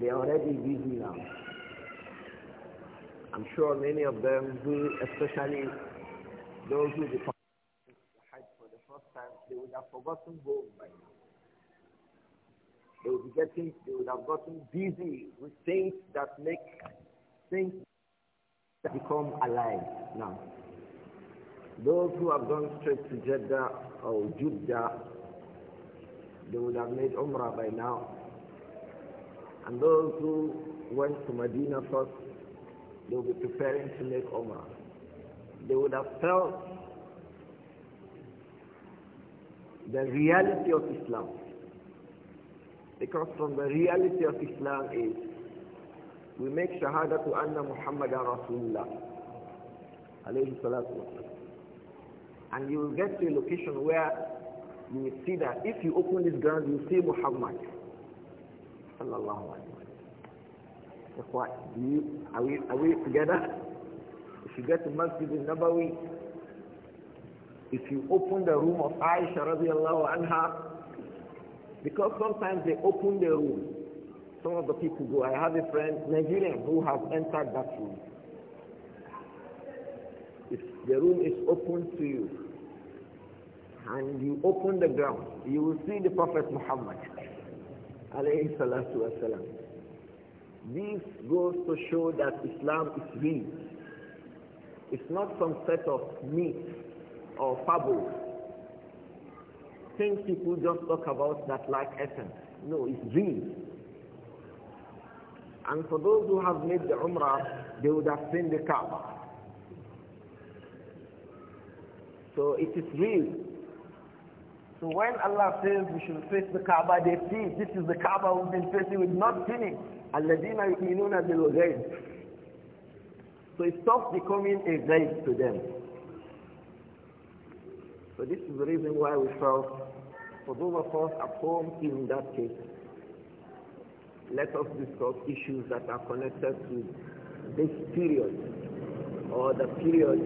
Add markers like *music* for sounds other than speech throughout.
They are already busy now. I'm sure many of them especially those who depart for the first time, they would have forgotten home by now. They would be getting, they would have gotten busy with things that make things become alive now. Those who have gone straight to Jeddah or Jeddah, they would have made Umrah by now. And those who went to Medina first, they will be preparing to make Umrah. They would have felt the reality of Islam. Because from the reality of Islam is we make shahada to anna Muhammadan Rasulullah. Alayhi salatu And you will get to a location where you will see that if you open this ground, you will see Muhammad sallallahu alayhi wa sallam. Are we, are we together? If you get to Masjid al-Nabawi, if you open the room of Aisha radiallahu anha, because sometimes they open the room, some of the people go. I have a friend, Nigerian, who has entered that room. If the room is open to you, and you open the ground, you will see the Prophet Muhammad alayhi salatu wasalam. This goes to show that Islam is real. It's not some set of myths or fables. Things people just talk about that like essence. No, it's real. And for those who have made the Umrah, they would have seen the Kaaba. So it is real. So when Allah says we should face the Kaaba, they see this is the Kaaba we've been facing with not sinning. الَّذِينَ يُؤْمِنُونَ بِالْغَيْبِ So it stops becoming a guide to them. So this is the reason why we felt, for those of us at home in that case, let us discuss issues that are connected to this period or the period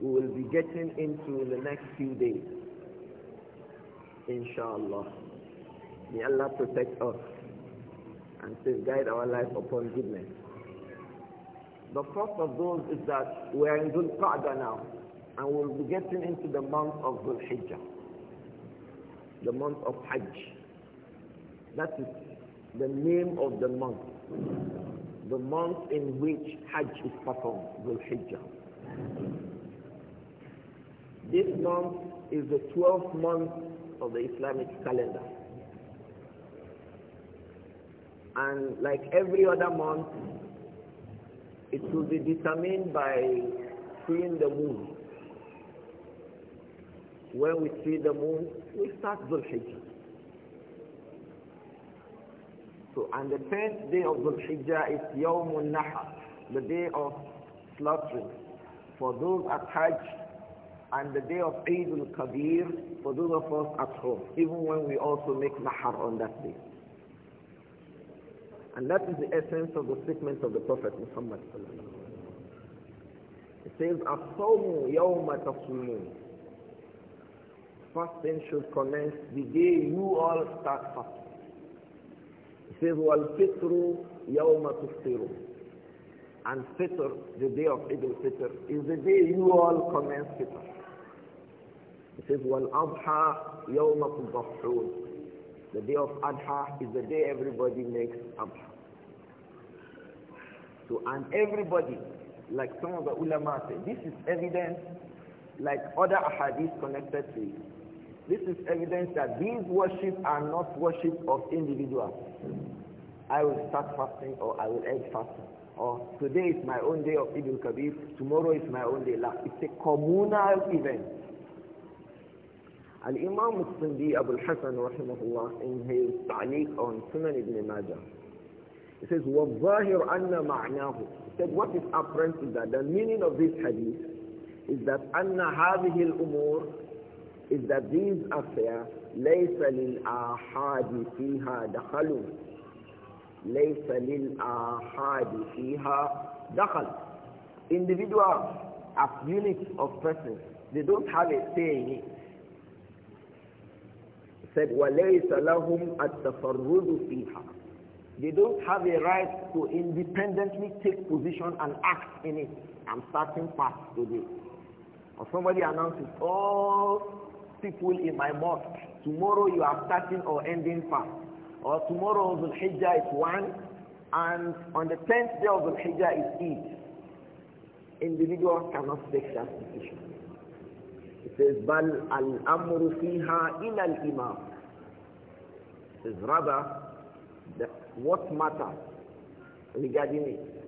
we will be getting into in the next few days. Inshallah. May Allah protect us and guide our life upon goodness. The cost of those is that we are in Dhul Qa'dah now and we'll be getting into the month of Dhul Hijjah, the month of Hajj. That is the name of the month, the month in which Hajj is performed, Dhul Hijjah. This month is the 12th month of the Islamic calendar. And like every other month, it will be determined by seeing the moon. When we see the moon, we start Dhul Hijjah. So, on the tenth day of Dhul Hijjah is Yawmul Nahar, the day of slaughtering. For those attached and the day of Eid al-Kabir for those of us at home, even when we also make mahar on that day. And that is the essence of the statement of the Prophet Muhammad He says, "Asawmu yawma First Fasting should commence the day you all start fasting. He says, "Wal fitru yawma And fitr, the day of Eid al-Fitr, is the day you all commence fitr. It says, وَالْأَضْحَى يَوْمَ تُضَحُّونَ The day of Adha is the day everybody makes Adha. So, and everybody, like some of the ulama say, this is evidence, like other ahadith connected to it. This is evidence that these worship are not worship of individuals. I will start fasting or I will end fasting. Or today is my own day of Eid kabir tomorrow is my own day. It's a communal event. Al-Imam al-Sindi Abu al-Hasan rahimahullah in his ta'liq on Sunan ibn Majah, he says, وَالظَّاهِرْ أَنَّ مَعْنَاهُ said, what is apparent is that the meaning of this hadith is that أَنَّ al-umur is that these affairs لَيْسَ لِلْآحَادِ فِيهَا دَخَلٌ لَيْسَ لِلْآحَادِ فِيهَا دَخَلٌ Individuals as units of persons, they don't have a say in it said وَلَيْسَ لَهُمْ التَّفَرُّدُ فِيهَا They don't have a right to independently take position and act in it. I'm starting fast today. Or somebody announces, all oh, people in my mosque, tomorrow you are starting or ending fast. Or tomorrow Dhul is one, and on the 10th day of Dhul is Eid. Individuals cannot take that decision. It says, Bal al amru fiha ila al imam. It says, rather, what matters regarding it,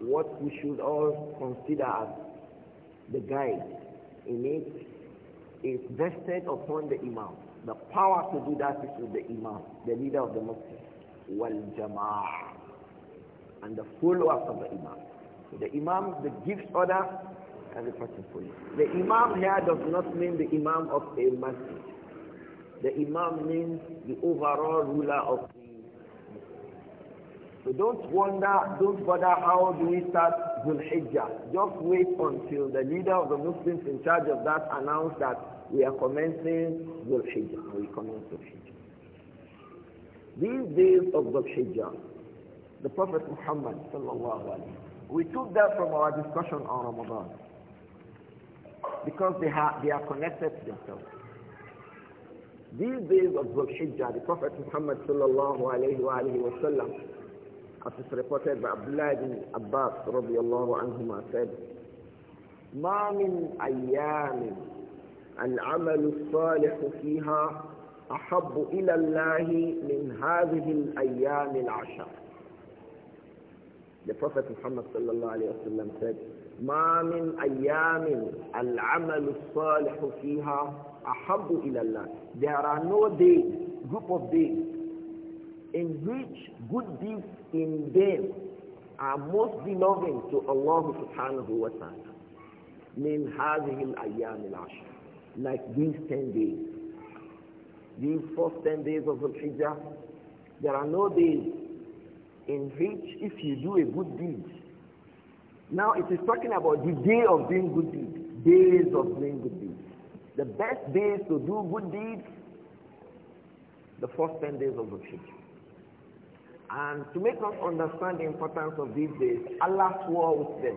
what we should all consider as the guide in it is vested upon the imam. The power to do that is with the imam, the leader of the Muslims, wal jama'ah, and the followers of the imam. So the imam that gives order for you. The imam here does not mean the imam of a masjid. The imam means the overall ruler of the so don't wonder, don't bother how do we start Dhul Hijjah. Just wait until the leader of the Muslims in charge of that announce that we are commencing Dhul Hijjah. We commence Dhul Hijjah. These days of Dhul Hijjah, the Prophet Muhammad sallallahu alaihi we took that from our discussion on Ramadan because they, have, they are connected to themselves. These days of Zulhijjah, the Prophet Muhammad sallallahu alayhi wa alayhi wa sallam, as is reported by Abdullah ibn Abbas radiallahu anhuma, said, ما من أيام العمل الصالح فيها أحب إلى الله من هذه الأيام العشر. The Prophet Muhammad sallallahu alayhi wa sallam said, ما من أيام العمل الصالح فيها أحب إلى الله There are no days, group of days, in which good deeds in them are most beloved to Allah subhanahu wa ta'ala. من هذه الأيام العشر Like these 10 days. These first 10 days of Al-Hijjah, there are no days in which if you do a good deed, now it is talking about the day of doing good deeds, days of doing good deeds. The best days to do good deeds, the first 10 days of the Hijjah. And to make us understand the importance of these days, Allah swore with them.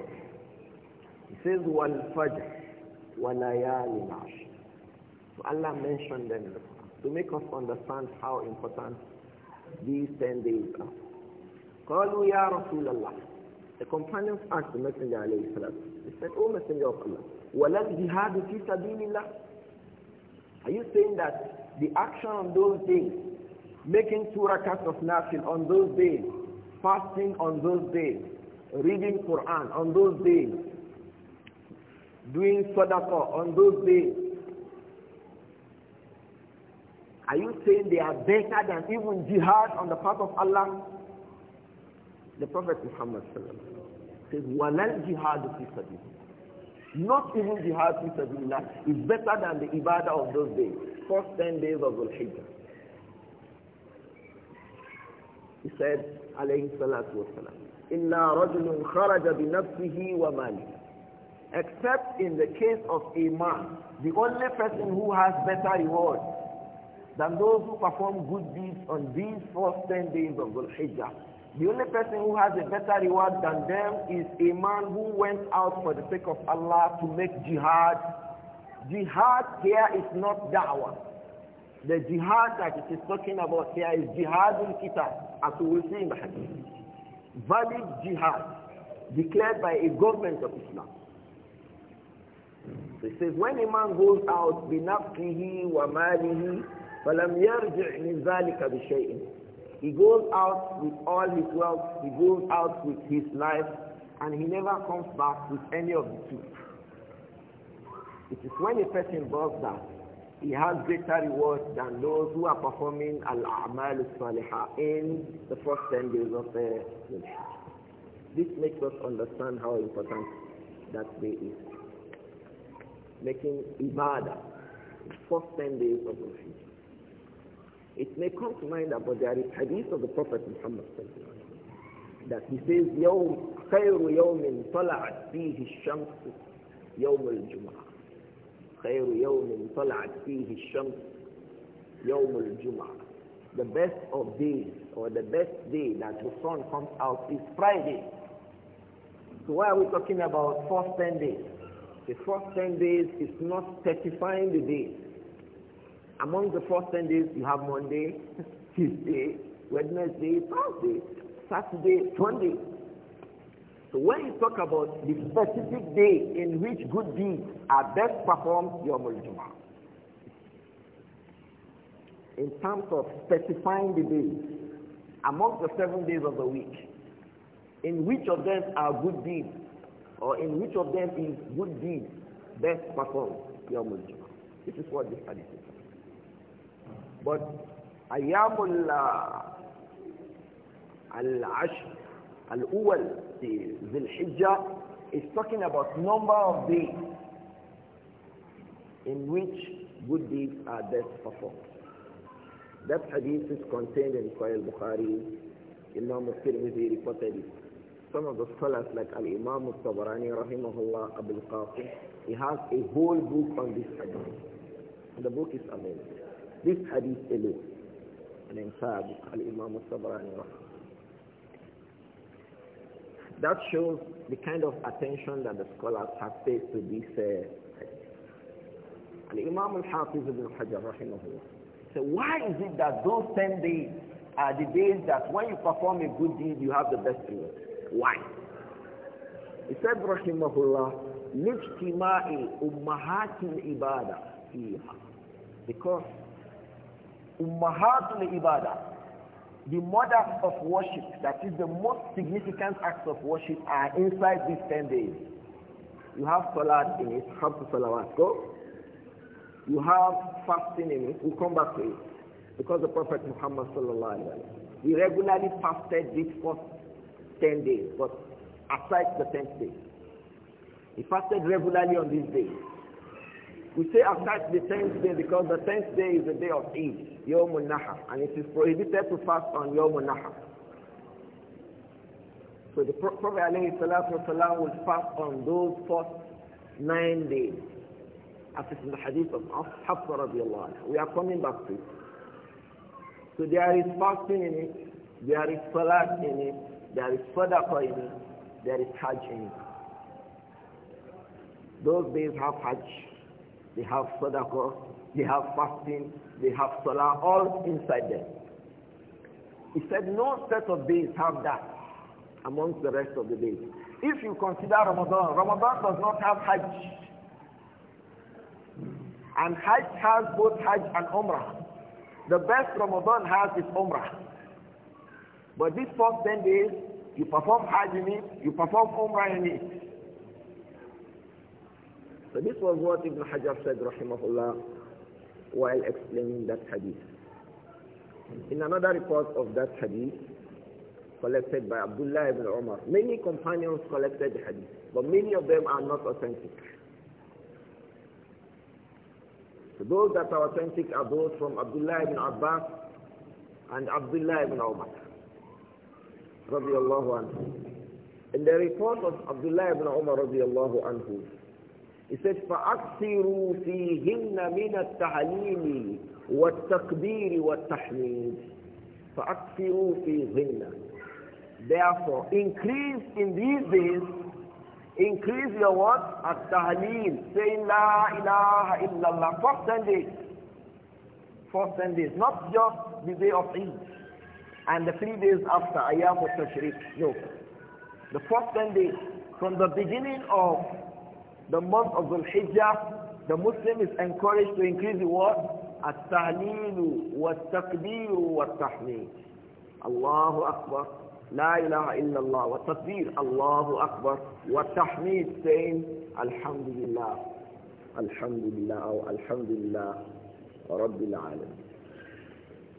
He says, وَالْفَجْرِ وَلَيَالِ الْعَشْرِ So Allah mentioned them to make us understand how important these 10 days are. قالوا يا رسول الله the companions asked the Messenger of Allah. They said, O Messenger of Allah, was jihad فِي سَبِيلِ اللَّهِ Are you saying that the action on those days, making two rakats of nafil on those days, fasting on those days, reading Quran on those days, doing sadaqah on those days, are you saying they are better than even jihad on the part of Allah? The Prophet Muhammad says, Walal jihad fi sabilillah. Not even jihad fi sabilillah is better than the ibadah of those days, first 10 days of Dhul Hijjah. He said, alayhi salatu wasalam, إِلَّا رَجُلٌ خَرَجَ Wa وَمَالِهِ Except in the case of a man, the only person who has better reward than those who perform good deeds on these first 10 days of Dhul Hijjah the only person who has a better reward than them is a man who went out for the sake of Allah to make jihad. Jihad here is not da'wah. The jihad that it is talking about here is jihad in kitab, as we will see in the hadith. Valid jihad declared by a government of Islam. So it says, when a man goes out بِنَفْقِهِ وَمَالِهِ فَلَمْ يَرْجِعْ مِنْ ذَلِكَ بِشَيْءٍ he goes out with all his wealth, he goes out with his life, and he never comes back with any of the two. It is when a person does that, he has greater rewards than those who are performing al-amal salihah in the first 10 days of the Hajj. This makes us understand how important that day is. Making ibadah, the first 10 days of the Hajj. It may come to mind about the hadith of the Prophet Muhammad that he says, يوم خير يوم طلعت فيه الشمس يوم الجمعة خير يوم طلعت فيه الشمس يوم الجمعة The best of days or the best day that the sun comes out is Friday. So why are we talking about first 10 days? The first 10 days is not specifying the day. Among the first 10 days, you have Monday, *laughs* Tuesday, Wednesday, Thursday, Saturday, Sunday. So when you talk about the specific day in which good deeds are best performed, your Muljumah. In terms of specifying the days, among the seven days of the week, in which of them are good deeds, or in which of them is good deeds best performed, your Muljumah. This is what this study. But Ayamul uh, Al-Ashr, Al-Uwal, the Zil-Hijjah, is talking about number of days in which good deeds are best performed. That hadith is contained in Sahih Bukhari. Imam al-Tirmidhi reported it. Some of the scholars like Al-Imam al-Tabarani rahimahullah Abu al-Qasim, he has a whole book on this hadith. And the book is amazing. This hadith alone. And in fact, Al-Imam al-Sabrani That shows the kind of attention that the scholars have paid to this And uh, hadith. Al-Imam al-Hafiz ibn Hajar, rahimahullah. So why is it that those 10 days are the days that when you perform a good deed, you have the best reward? Why? He said, rahimahullah, لِاجْتِمَاءِ أُمَّهَاتِ الْعِبَادَةِ فِيهَا Because Ummahatul Ibadah, the mother of worship, that is the most significant acts of worship are inside these 10 days. You have Salat in it, have to Salawat, go. You have fasting in it, we'll come back to it. Because the Prophet Muhammad sallallahu alayhi wa sallam, he regularly fasted these first 10 days, but aside the 10th day. He fasted regularly on these days. We say after the tenth day because the tenth day is the day of Eid, Yom Nahar, and it is prohibited to fast on Yom Nahar. So the Prophet ﷺ will fast on those first nine days. As it's in the hadith of Hafsa We are coming back to it. So there is fasting in it, there is salat in it, there is sadaqah in it, there is hajj in it. Those days have hajj they have sadaqah, they have fasting, they have salah, all inside them. He said no set of days have that amongst the rest of the days. If you consider Ramadan, Ramadan does not have Hajj. And Hajj has both Hajj and Umrah. The best Ramadan has is Umrah. But these first 10 days, you perform Hajj in it, you perform Umrah in it. So this was what Ibn Hajar said, rahimahullah, while explaining that hadith. In another report of that hadith, collected by Abdullah ibn Umar, many companions collected the hadith, but many of them are not authentic. So those that are authentic are those from Abdullah ibn Abbas and Abdullah ibn Umar. Radiallahu anhu. In the report of Abdullah ibn Umar radiallahu anhu, he says, فَأَكْثِرُوا فِيهِنَّ مِنَ التَّعْلِيمِ وَالتَّكْبِيرِ وَالتَّحْمِيدِ فَأَكْثِرُوا فِيهِنَّ Therefore, increase in these days increase your what? at Say La ilaha illallah. First 10 days. First 10 days. Not just the day of Eid. And the three days after Ayyam a tashriq No. The first 10 days. From the beginning of the month of Dhul Hijjah, the Muslim is encouraged to increase the what? التهليل والتكبير والتحميد الله أكبر لا إله إلا الله والتكبير الله أكبر والتحميد saying wa لله الحمد لله Alhamdulillah, الحمد لله رب العالمين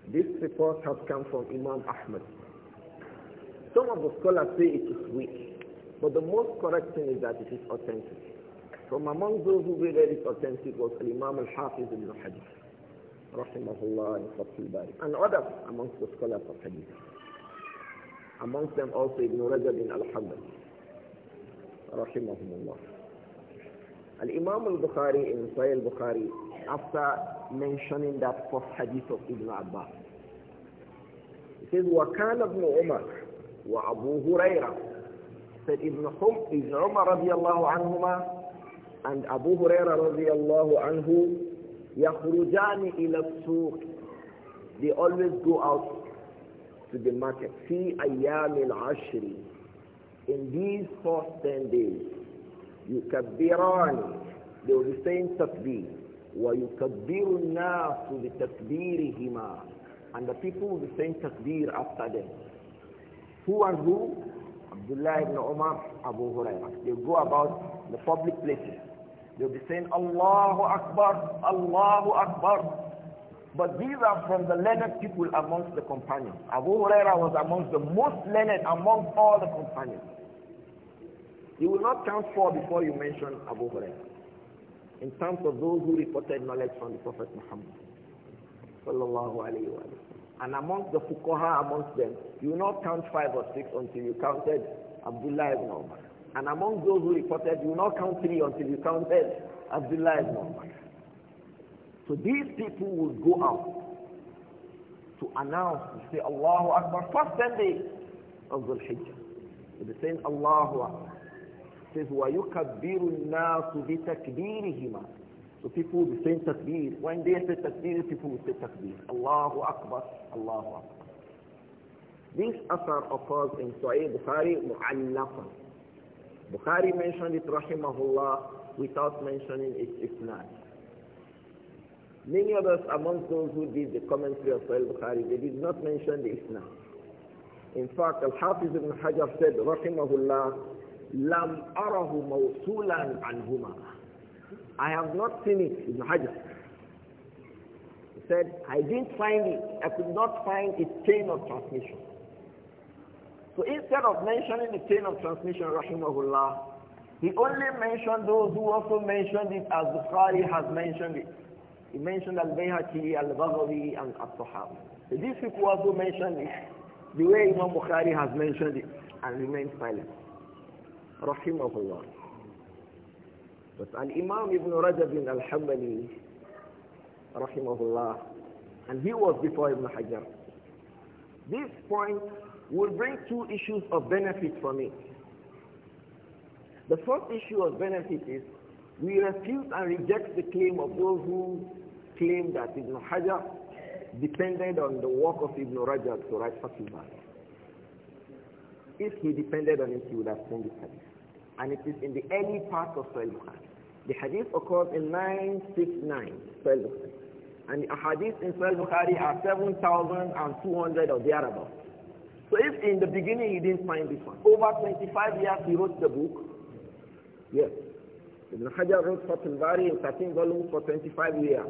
This report has come from Imam Ahmad. Some of the scholars say it is weak, but the most correct thing is that it is authentic. From among those who graded it authentic was Imam al-Hafiz ibn Hadith, rahimahullah and Fatul Bari, and others amongst the scholars of Hadith. Amongst them also Ibn Rajab bin al-Hambali, rahimahullah. Al-Imam al-Bukhari in Sahih al-Bukhari, after mentioning that first Hadith of Ibn Abbas, he says, وَكَانَ ابْنُ عُمَرَ وَأَبُو هُرَيْرَةَ said Ibn Hum, Ibn Umar radiallahu anhuma and Abu Huraira radiallahu anhu, يَخْرُجَانِ إِلَى السُّوقِ They always go out to the market. فِي أَيَّامِ الْعَشْرِ In these first ten days, يُكَبِّرَانِ They will be saying takbir. وَيُكَبِّرُ النَّاسُ بِتَكْبِيرِهِمَا And the people will be saying after them. Who and who? Abdullah ibn Umar, Abu Hurairah. They go about the public places. They'll be saying, Allahu Akbar, Allahu Akbar. But these are from the learned people amongst the companions. Abu Huraira was amongst the most learned amongst all the companions. You will not count four before you mention Abu Huraira. In terms of those who reported knowledge from the Prophet Muhammad. Sallallahu alayhi wa And amongst the fuqaha amongst them, you will not count five or six until you counted Abdullah ibn Umar. And among those who reported, you will not count three until you counted Abdullah ibn Umar. So these people would go out to announce, to say Allahu Akbar, first Sunday of Dhul Hijjah. So they saying Allahu Akbar. It says, وَيُكَبِّرُ النَّاسُ بِتَكْبِيرِهِمَا So people will be saying takbir. When they say takbir, people will say takbir. Allahu Akbar, Allahu Akbar. This asar occurs in Sahih Bukhari, mu'allafan. Bukhari mentioned it, rahimahullah, without mentioning its isnad. Many of us among those who did the commentary of Sahih Bukhari, they did not mention the isnad. In fact, Al-Hafiz ibn Hajar said, rahimahullah, lam arahu mawsulan anhuma. I have not seen it, Ibn Hajar. He said, I didn't find it. I could not find its chain of transmission. So instead of mentioning the chain of transmission, rahimahullah, he only mentioned those who also mentioned it as Bukhari has mentioned it. He mentioned Al-Bayhaqi, Al-Baghawi, and Al-Sahab. So these people also mentioned it the way Imam Bukhari has mentioned it and remained silent. Rahimahullah. But Al-Imam Ibn Rajab bin Al-Hambali, Rahimahullah, and he was before Ibn Hajar. This point will bring two issues of benefit from it. The first issue of benefit is we refute and reject the claim of those who claim that Ibn Hajar depended on the work of Ibn Rajab to write Fatul If he depended on it, he would have seen this hadith. And it is in the early part of Sahih Bukhari. The hadith occurs in 969 Sahih Bukhari. And the hadith in Sahih Bukhari are 7,200 or thereabouts. So if in the beginning he didn't find this one, over 25 years he wrote the book. Yes. Ibn Hajar wrote Fatul Bari in 13 volumes for 25 years.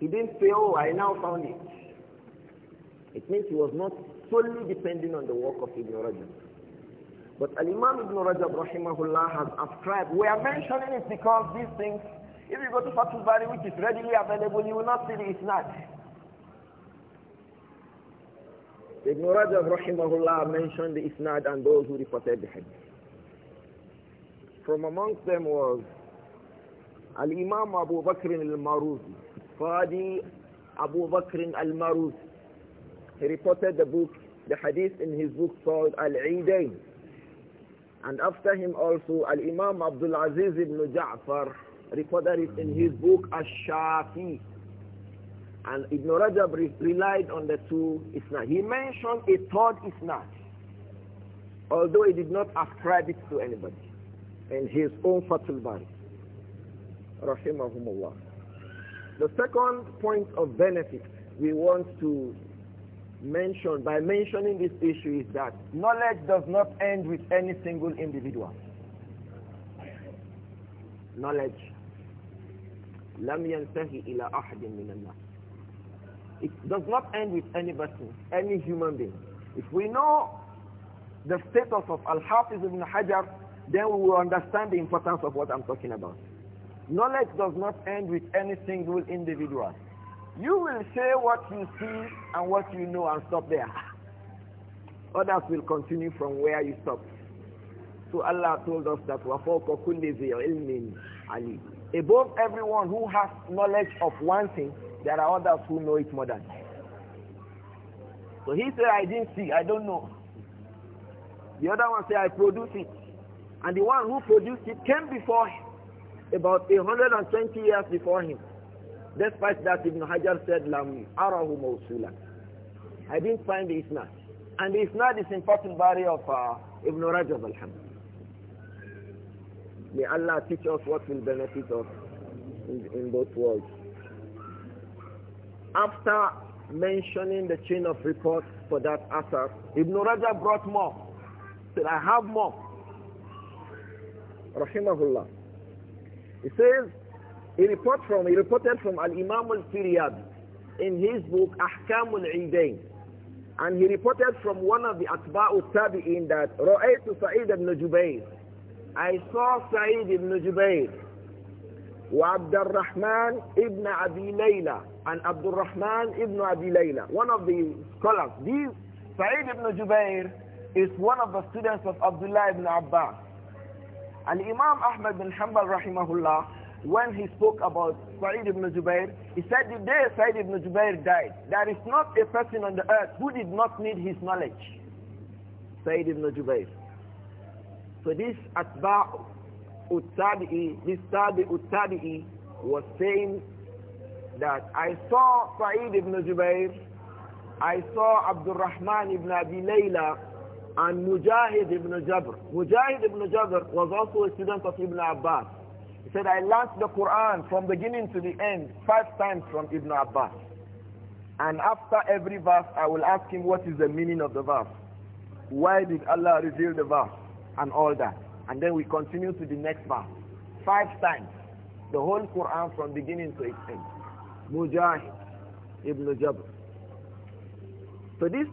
He didn't say, oh, I now found it. It means he was not solely depending on the work of Ibn Rajab. But Al-Imam Ibn Rajab rahimahullah has ascribed, we are mentioning it because these things, if you go to Fatul Bari, which is readily available, you will not see the Isnad. Ibn Rajab rahimahullah mentioned the isnad and those who reported the hadith. From amongst them was Al-Imam Abu Bakr al-Maruzi, Fadi Abu Bakr al-Maruzi. He reported the book, the hadith in his book called Al-Eidain. And after him also Al-Imam Abdul Aziz ibn Ja'far reported it in his book Al-Shafi. And Ibn Rajab re relied on the two isnad. He mentioned a third isnad, although he did not ascribe it to anybody in his own Fatul Bari. Rahimahumullah. The second point of benefit we want to mention by mentioning this issue is that knowledge does not end with any single individual. Knowledge لم ينتهي إلى أحد من الناس it does not end with any person, any human being. If we know the status of Al-Hafiz ibn Hajar, then we will understand the importance of what I'm talking about. Knowledge does not end with any single individual. You will say what you see and what you know and stop there. *laughs* Others will continue from where you stopped. So Allah told us that وَفَوْقَ كُلِّ ذِي Above everyone who has knowledge of one thing, there are others who know it more than me. So he said, I didn't see, I don't know. The other one said, I produced it. And the one who produced it came before him, about 120 years before him. Despite that, Ibn Hajar said, Lam arahu mawsula. I didn't find the isnad. And the isnad is important body of uh, Ibn Rajab, alhamdulillah. May Allah teach us what will benefit us in, in both worlds. After mentioning the chain of reports for that asar, Ibn Rajab brought more. Said, I have more. Rahimahullah. He says, he report from, he reported from Al-Imam al-Firyabi in his book Ahkam al-Eidain. And he reported from one of the Atba'u Tabi'in that, Ra'aytu Sa'id ibn Jubayr. I saw Sa'id ibn Jubayr. وعبد الرحمن ibn Abdilaila and Abdul Rahman ibn Abdilaila. one of the scholars. This Sa'id ibn Jubair is one of the students of Abdullah ibn Abbas. And Imam Ahmad bin Hanbal rahimahullah, when he spoke about Sa'id ibn Jubair, he said the day Sa'id ibn Jubair died, there is not a person on the earth who did not need his knowledge. Sa'id ibn Jubair. So this atba' Uttabi'i, this Tabi Uttabi'i was saying that I saw Sa'id ibn Jubair, I saw Abdul Rahman ibn Abi Layla, and Mujahid ibn Jabr. Mujahid ibn Jabr was also a student of Ibn Abbas. He said, I learnt the Quran from beginning to the end five times from Ibn Abbas. And after every verse, I will ask him what is the meaning of the verse. Why did Allah reveal the verse? And all that. And then we continue to the next verse. Five times. The whole Quran from beginning to its end. Mujahid Ibn Jabr. So this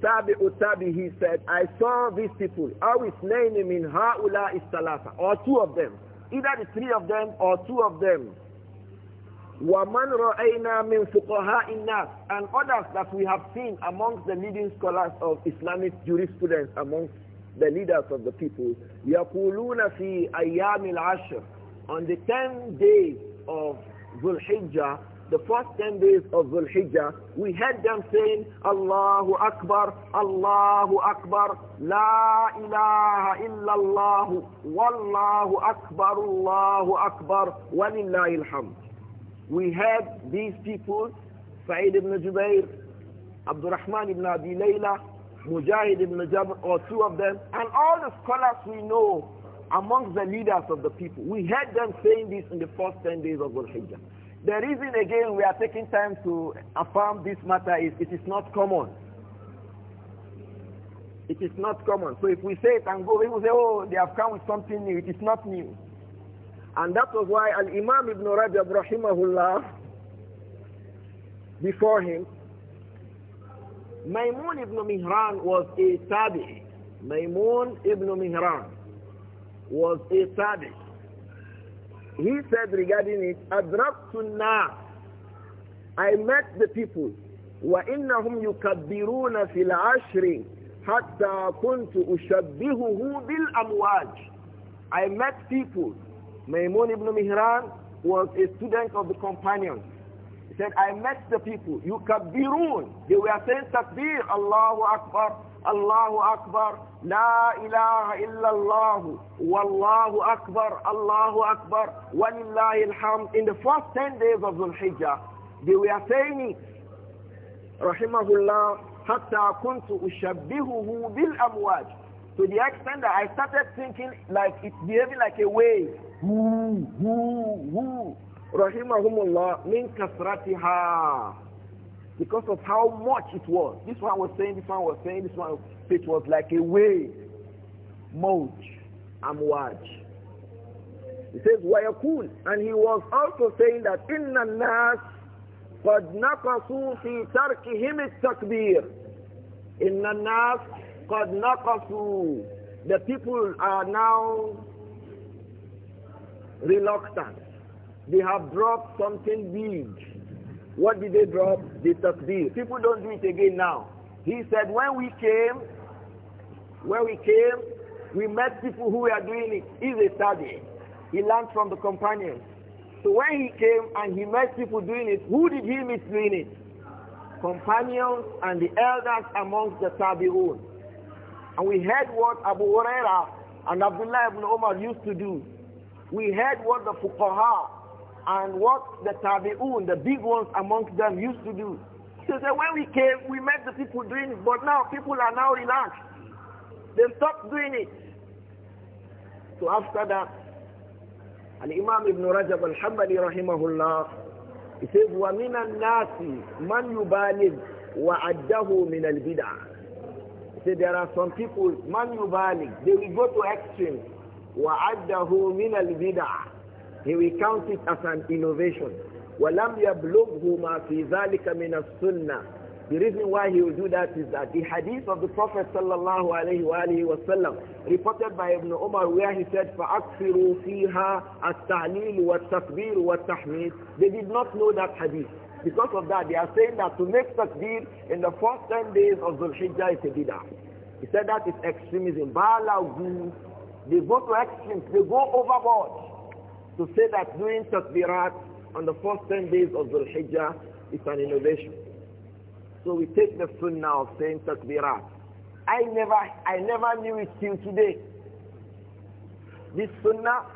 Tabi Utabi, he said, I saw these people. I was laying him in Ha'ula Istalasa, or two of them. Either the three of them or two of them. وَمَنْ رَأَيْنَا مِنْ فُقَهَاءِ النَّاسِ And others that we have seen amongst the leading scholars of Islamic jurisprudence amongst the leaders of the people, يَقُولُونَ فِي أَيَّامِ الْعَشْرِ On the 10 days of Dhul Hijjah, the first 10 days of Dhul Hijjah, we heard them saying, Allahu Akbar, Allahu Akbar, La ilaha illallah, Wallahu Akbar, Allahu Akbar, Walillahi alhamd. We heard these people, Sa'id ibn Jubair, Abdurrahman ibn Abi Layla, Mujahid ibn Jabr, or two of them, and all the scholars we know amongst the leaders of the people. We heard them saying this in the first 10 days of Dhul-Hijjah. The reason again we are taking time to affirm this matter is it is not common. It is not common. So if we say it and go, people say, oh, they have come with something new. It is not new. And that was why Al-Imam Ibn Rajab, rahimahullah, before him, Maimun ibn Mihran was a tabi. Maimun ibn Mihran was a tabi. He said regarding it, أَدْرَكْتُ النَّاسِ I met the people. وَإِنَّهُمْ يُكَبِّرُونَ فِي الْعَشْرِ حَتَّى كُنْتُ أُشَبِّهُهُ بِالْأَمْوَاجِ I met people. Maimun ibn Mihran was a student of the companions said, I met the people, You yukabbirun. They were saying takbir, Allahu Akbar, Allahu Akbar, La ilaha illallah, Wallahu Akbar, Allahu Akbar, Walillahi alhamd. In the first 10 days of the Hijrah, they were saying it. Rahimahullah, حتى كنت أشبهه بالأمواج to the extent that I started thinking like it's behaving like a wave. Woo, woo, woo rahimahumullah min kasratiha because of how much it was this one was saying this one was saying this one it was like a wave moj amwaj he says wayakul and he was also saying that inna nas qad naqasu fi tarkihim at-takbir inna nas qad naqasu the people are now reluctant they have dropped something big. What did they drop? They took this. People don't do it again now. He said, when we came, when we came, we met people who were doing it. He's a study. He learned from the companions. So when he came and he met people doing it, who did he meet doing it? Companions and the elders amongst the Tabi'un. And we heard what Abu Huraira and Abdullah ibn Umar used to do. We heard what the Fuqaha and what the tabi'un, the big ones amongst them used to do. He said, when we came, we met the people doing it, but now people are now relaxed. They stopped doing it. So after that, and imam Ibn Rajab al-Hambali rahimahullah, he says, وَمِنَ النَّاسِ مَنْ يُبَالِغْ وَعَدَّهُ مِنَ الْبِدْعَ He said, there are some people, man yubali. they will go to extremes. وَعَدَّهُ مِنَ الْبِدْعَ he will count it as an innovation. وَلَمْ يَبْلُغْهُ مَا فِي ذَلِكَ مِنَ السُنَّةِ The reason why he will do that is that the hadith of the Prophet sallallahu alayhi wa reported by Ibn Umar where he said فَأَكْفِرُوا فِيهَا التَّعْلِيلُ وَالتَّكْبِيرُ وَالتَّحْمِيدُ They did not know that hadith. Because of that, they are saying that to make takbir in the first 10 days of Dhul Hijjah is a bid'ah. He said that is extremism. Balagu. They go to extremes. They go overboard. To say that doing takbirat on the first 10 days of Dhul Hijjah is an innovation. So we take the sunnah of saying takbirat. I never, I never knew it till today. This sunnah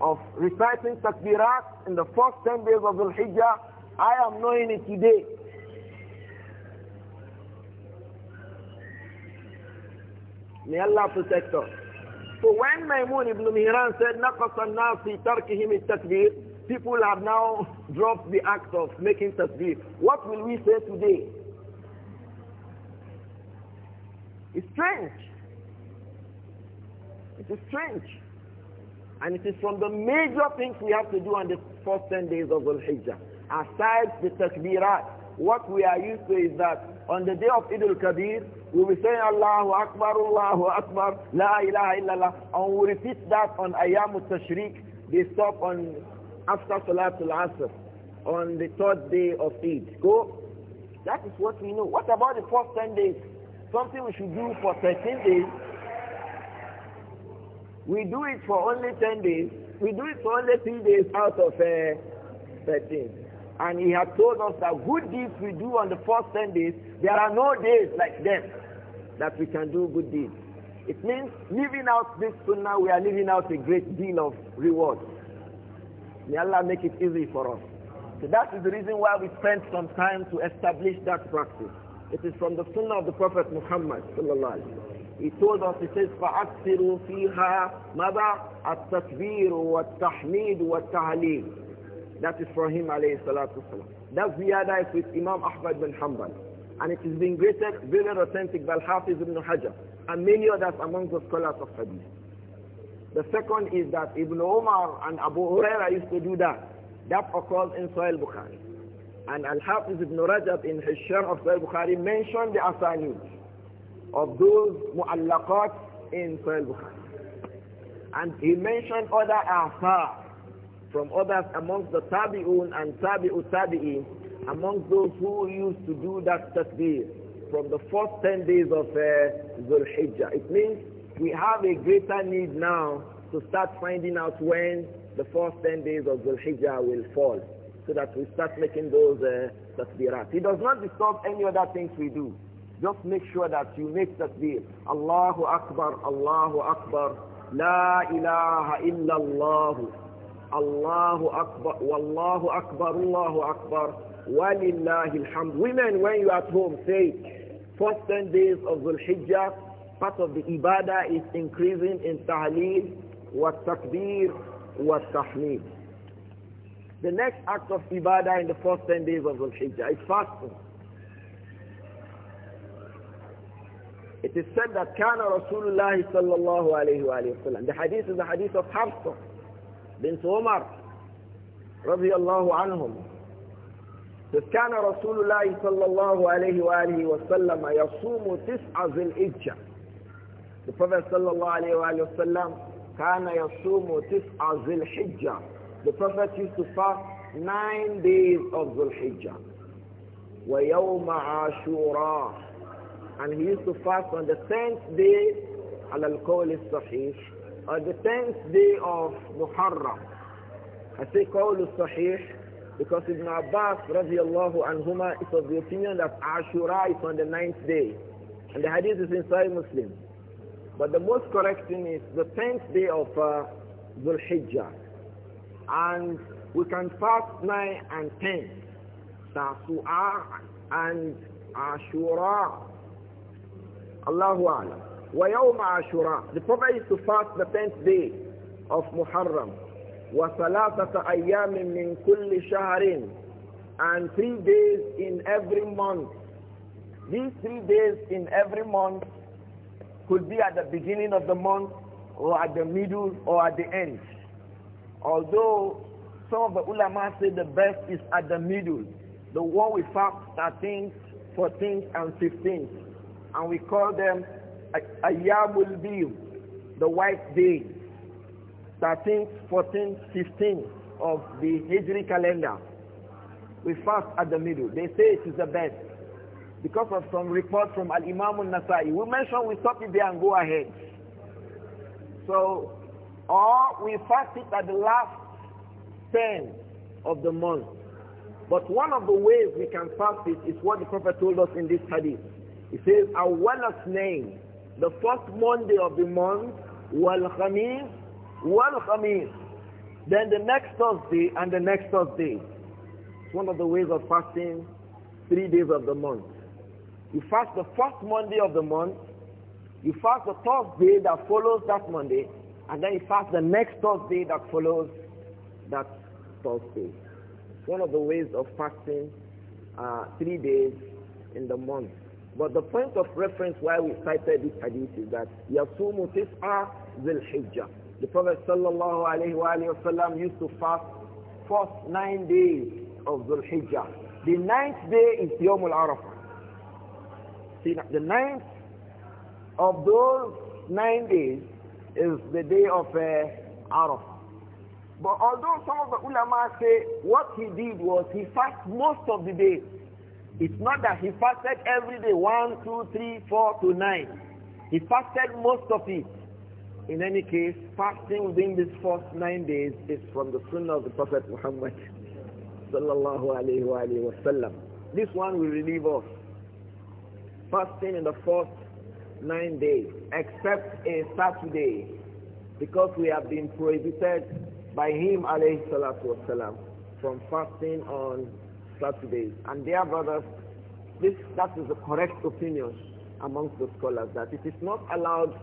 of reciting takbirat in the first 10 days of Dhul Hijjah, I am knowing it today. May Allah protect us. So when Maimun ibn Mihran said, نَقَصَ التَّكْبِيرِ People have now dropped the act of making tasbih. What will we say today? It's strange. It is strange. And it is from the major things we have to do on the first 10 days of the hijjah Aside the takbirat, what we are used to is that on the day of Idul al-Kabir, we will say Allahu Akbar, Allahu Akbar, La ilaha illallah, and we repeat that on Ayyamut Tashriq. They stop on after Salatul Asr, on the third day of Eid. Go. That is what we know. What about the first 10 days? Something we should do for 13 days. We do it for only 10 days. We do it for only 3 days out of uh, 13 and he had told us that good deeds we do on the first 10 days, there are no days like them that we can do good deeds. It means living out this sunnah, we are living out a great deal of reward. May Allah make it easy for us. So that is the reason why we spent some time to establish that practice. It is from the sunnah of the Prophet Muhammad He told us, he says, فَأَكْثِرُوا فِيهَا مَذَا التَّكْبِيرُ وَالتَّحْمِيدُ وَالتَّهْلِيلُ That is for him alayhi salatu wasalam. That's the other with Imam Ahmad bin Hanbal. And it is being greeted very authentic by Al-Hafiz ibn Hajar and many others among the scholars of Hadith. The second is that Ibn Omar and Abu Huraira used to do that. That occurs in Sahih Bukhari. And Al-Hafiz ibn Rajab in his share of Sahih Bukhari mentioned the asanid of those mu'allaqat in Sahih Bukhari. And he mentioned other afar from others amongst the tabi'un and tabi'u tabi'in among those who used to do that takbir from the first 10 days of uh, Dhul Hijjah. It means we have a greater need now to start finding out when the first 10 days of Dhul Hijjah will fall so that we start making those uh, It does not disturb any other things we do. Just make sure that you make takbir. Allahu Akbar, Allahu Akbar, La ilaha illallah, Allahu Akbar, Wallahu Akbar, Allahu Akbar. وَلِلَّهِ Women, when you are at home, say, first 10 days of Dhul Hijjah, part of the ibadah is increasing in tahleel, wa takbir, wa tahmid. The next act of ibadah in the first 10 days of Dhul Hijjah is fasting. It is said that كان رسول الله صلى الله عليه وآله وسلم The hadith is the hadith of Hafsa bin Umar رضي الله عنهم says, كان رسول الله صلى الله عليه وآله وسلم يصوم تسعة ذي الحجة. The Prophet صلى الله عليه وآله وسلم كان يصوم تسعة ذي الحجة. The Prophet used to fast nine days of ذي الحجة. ويوم عاشوراء. And he used to fast on the tenth day على القول الصحيح on the tenth day of Muharram. I say قول الصحيح because Ibn Abbas radiallahu anhuma is of the opinion that Ashura is on the ninth day. And the hadith is inside Muslim. But the most correct thing is the tenth day of uh, Dhul Hijjah. And we can fast nine and ten. Tasu'a and Ashura. Allahu Alam. ويوم عاشوراء the prophet is to fast the 10th day of Muharram وثلاثة أيام من كل and three days in every month. These three days in every month could be at the beginning of the month or at the middle or at the end. Although some of the ulama say the best is at the middle, the one we fast 13th, 14th and 15th. And we call them Ayyamul bil, the white days. 13th, 14, 15 of the Hijri calendar. We fast at the middle. They say it is the best. Because of some report from Al-Imam al-Nasai. We mentioned we stop it there and go ahead. So, or we fast it at the last 10 of the month. But one of the ways we can fast it is what the Prophet told us in this hadith. He says, "Our name, the first Monday of the month, wal khamis والخميس then the next Thursday and the next Thursday it's one of the ways of fasting three days of the month you fast the first Monday of the month you fast the Thursday that follows that Monday and then you fast the next Thursday that follows that Thursday it's one of the ways of fasting uh, three days in the month but the point of reference why we cited this hadith is that Yasumutis تِسْعَ ذِي الْحِجَّةِ the Prophet sallallahu alayhi wa used to fast first nine days of Dhul Hijjah. The ninth day is Yom Arafah. See, the ninth of those nine days is the day of uh, Arafah. But although some of the ulama say what he did was he fasted most of the day. It's not that he fasted every day, one, two, three, four to nine. He fasted most of it. In any case, fasting within these first nine days is from the sunnah of the Prophet Muhammad *laughs* sallallahu alayhi wa alayhi This one will relieve us. Fasting in the first nine days, except a Saturday, because we have been prohibited by him alayhi salatu wasalam from fasting on Saturdays. And dear brothers, this, that is the correct opinion amongst the scholars that it is not allowed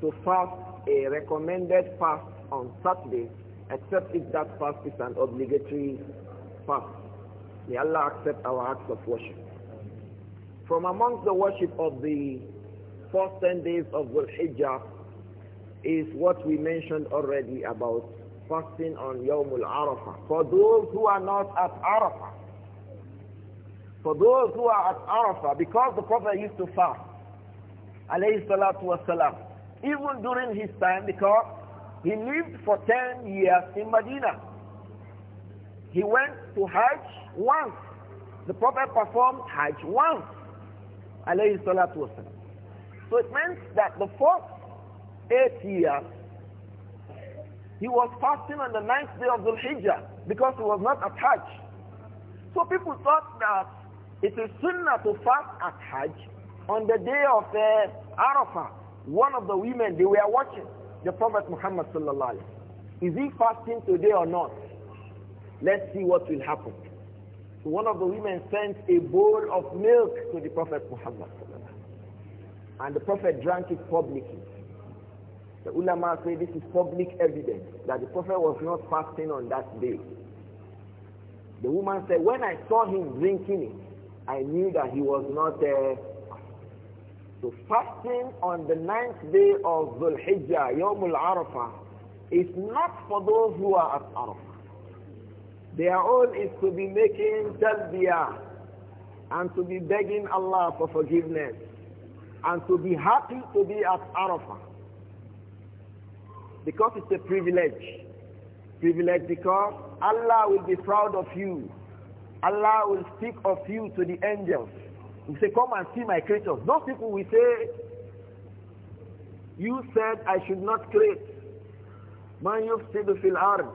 to fast a recommended fast on Saturday, except if that fast is an obligatory fast. May Allah accept our acts of worship. From amongst the worship of the first 10 days of Dhul Hijjah is what we mentioned already about fasting on Yawmul Arafah. For those who are not at Arafah, for those who are at Arafah, because the Prophet used to fast, alayhi salatu wasalam, even during his time because he lived for 10 years in Medina. He went to Hajj once. The Prophet performed Hajj once. Alayhi salatu wasalam. So it means that the first eight years, he was fasting on the ninth day of the Hijjah because he was not at Hajj. So people thought that it is sunnah to fast at Hajj on the day of uh, Arafah one of the women, they were watching the Prophet Muhammad sallallahu Is he fasting today or not? Let's see what will happen. So one of the women sent a bowl of milk to the Prophet Muhammad and the Prophet drank it publicly. The ulama say this is public evidence that the Prophet was not fasting on that day. The woman said, when I saw him drinking it, I knew that he was not uh, so fasting on the ninth day of Dhul Hijjah, Yawm arafah is not for those who are at Arafah. Their own is to be making talbiyah and to be begging Allah for forgiveness and to be happy to be at Arafah. Because it's a privilege. Privilege because Allah will be proud of you. Allah will speak of you to the angels. He say, come and see my creatures. Those people will say, you said I should not create. Man yufsidu fil ard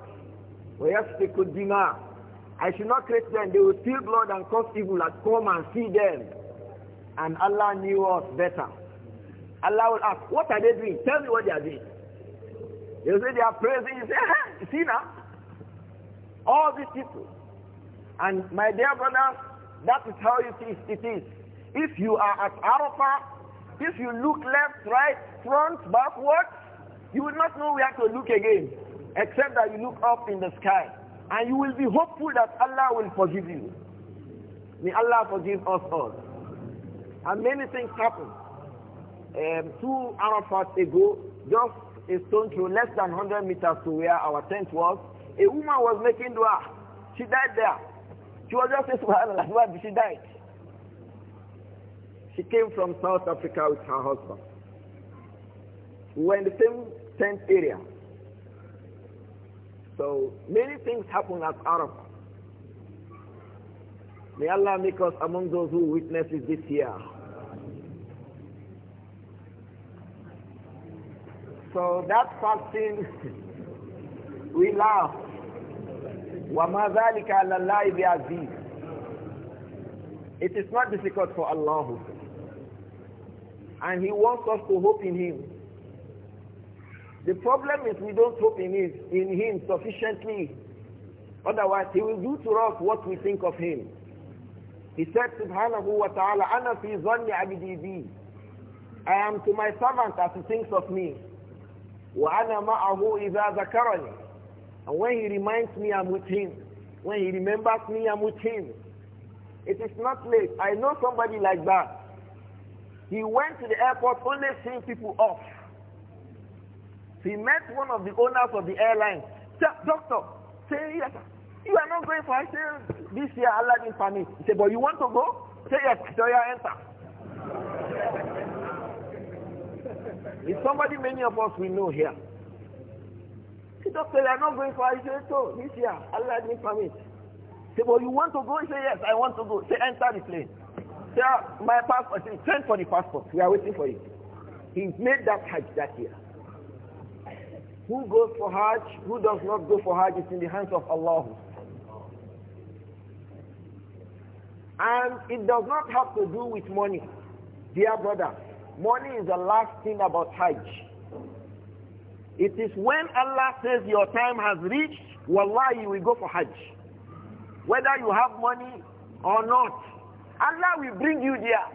wa yasfiku dima. I should not create them. They will steal blood and cause evil. I come and see them. And Allah knew us better. Allah will ask, what are they doing? Tell me what they are doing. They will say they are praising. You say, ah, you see now? All these people. And my dear brothers, that is how it is. It is. If you are at Arafah, if you look left, right, front, backwards, you will not know where to look again, except that you look up in the sky. And you will be hopeful that Allah will forgive you. May Allah forgive us all. And many things happened. Um, two Arafat ago, just a stone throw, less than 100 meters to where our tent was, a woman was making dua. She died there. She was just saying, *laughs* subhanAllah, she died. She came from South Africa with her husband. We were in the same tent area. So many things happen at Arafah. May Allah make us among those who witnesses this year. So that fasting, *laughs* we laugh. وَمَا ذَلِكَ عَلَى اللَّهِ بِعَزِيزٍ It is not difficult for Allah and he wants us to hope in him. The problem is we don't hope in him, in him sufficiently. Otherwise, he will do to us what we think of him. He said, Subhanahu wa ta'ala, Ana fi zanni abidi I am to my servant as he thinks of me. Wa ana ma'ahu Iza zakarani. And when he reminds me, I'm with him. When he remembers me, I'm with him. It is not late. I know somebody like that. He went to the airport only seeing people off. He met one of the owners of the airline. Doctor, say yes. You are not going for I say this year Allah didn't permit. He said, but you want to go? Say yes, so you enter. it's *laughs* somebody many of us we know here. He doctor, you are not going for I say so this year Allah didn't permit. Say, but you want to go? He said, yes, I want to go. Say, enter the plane my passport, send for the passport. We are waiting for you. He made that Hajj that year. Who goes for Hajj, who does not go for Hajj is in the hands of Allah. And it does not have to do with money. Dear brother, money is the last thing about Hajj. It is when Allah says your time has reached, Wallahi, you will go for Hajj. Whether you have money or not, Allah will bring you there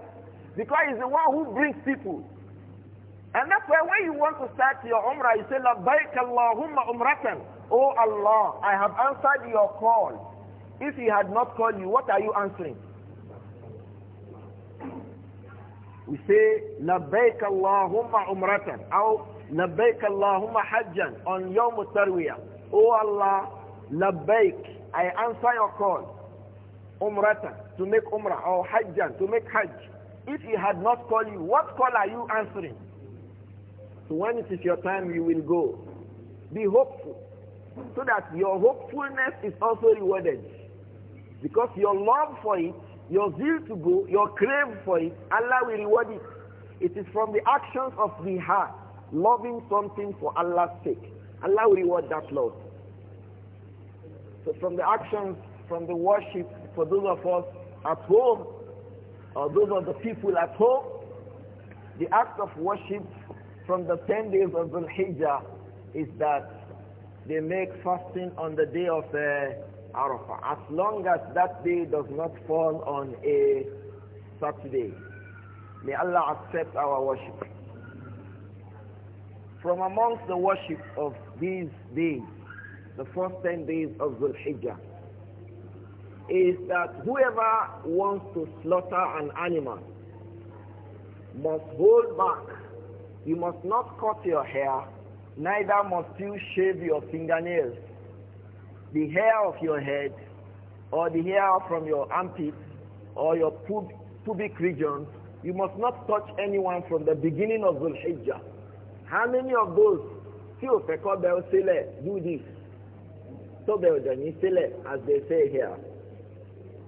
because he's the one who brings people. And that's why when you want to start your umrah, you say, Labbaik Allahumma umratan. Oh Allah, I have answered your call. If he had not called you, what are you answering? We say, Labbaik Allahumma umratan. Or Labbaik Allahumma hajjan on Yawm Tarwiyah. Oh Allah, Labbaik, I answer your call umratan to make umrah or hajjan to make hajj, if he had not called you, what call are you answering? So when it is your time, you will go. Be hopeful so that your hopefulness is also rewarded. Because your love for it, your zeal to go, your crave for it, Allah will reward it. It is from the actions of the heart, loving something for Allah's sake. Allah will reward that love. So from the actions, from the worship, for those of us at home, or those of the people at home, the act of worship from the 10 days of Dhul Hijjah is that they make fasting on the day of uh, Arafah, as long as that day does not fall on a Saturday. May Allah accept our worship. From amongst the worship of these days, the first 10 days of Dhul Hijjah, is that whoever wants to slaughter an animal must hold back. You must not cut your hair, neither must you shave your fingernails. The hair of your head, or the hair from your armpit, or your pub pubic region, you must not touch anyone from the beginning of Dhul Hijjah. How many of those few fekor do this? So they will as they say here.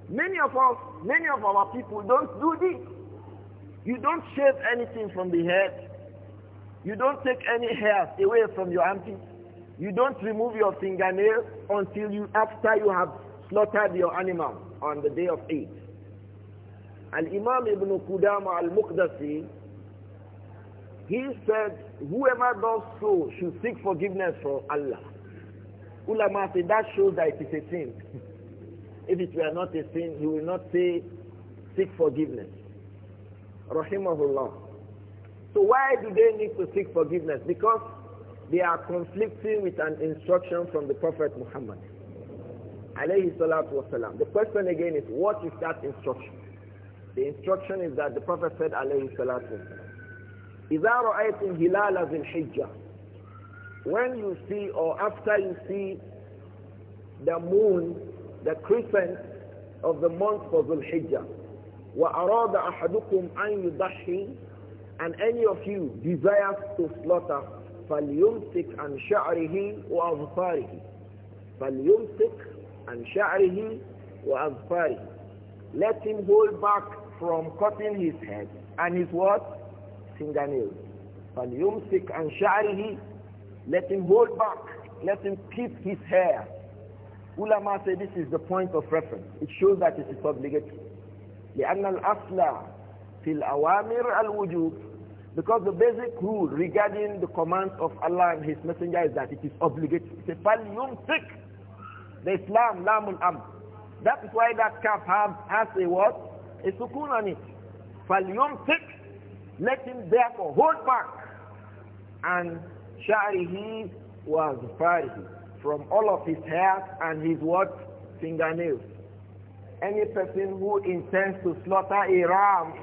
Many of us, many of our people don't do this. You don't shave anything from the head. You don't take any hair away from your armpit. You don't remove your fingernail until you, after you have slaughtered your animal on the day of Eid. And imam Ibn Qudama Al-Muqdasi, he said, whoever does so should seek forgiveness from Allah. Ulama said that shows that it is a sin. *laughs* If it were not a sin, he will not say, seek forgiveness. Rahimahullah. So why do they need to seek forgiveness? Because they are conflicting with an instruction from the Prophet Muhammad. Alayhi salatu wasalam. The question again is, what is that instruction? The instruction is that the Prophet said, alayhi salatu wasalam, إِذَا رَأَيْتُمْ هِلَالَ ذِي الْحِجَّةِ When you see or after you see the moon the crescent of the month for Dhul Hijjah. وَأَرَادَ أَحَدُكُمْ أَنْ يُضَحِّي And any of you desires to slaughter فَلْيُمْسِكْ عَنْ شَعْرِهِ وَأَظْفَارِهِ فَلْيُمْسِكْ عَنْ شَعْرِهِ وَأَظْفَارِهِ Let him hold back from cutting his head and his what? Fingernails. فَلْيُمْسِكْ عَنْ شَعْرِهِ Let him hold back. Let him keep his hair. Ulama say this is the point of reference. It shows that it is obligatory. لأن الأصل في الأوامر الوجوب because the basic rule regarding the commands of Allah and His Messenger is that it is obligatory. It's a فَلْيُمْسِكْ The Islam, لام الأمر. That is why that calf has a what? A sukun on it. فَلْيُمْسِكْ Let him therefore hold back. And شَعْرِهِ وَظْفَارِهِ from all of his hair and his what? Fingernails. Any person who intends to slaughter a ram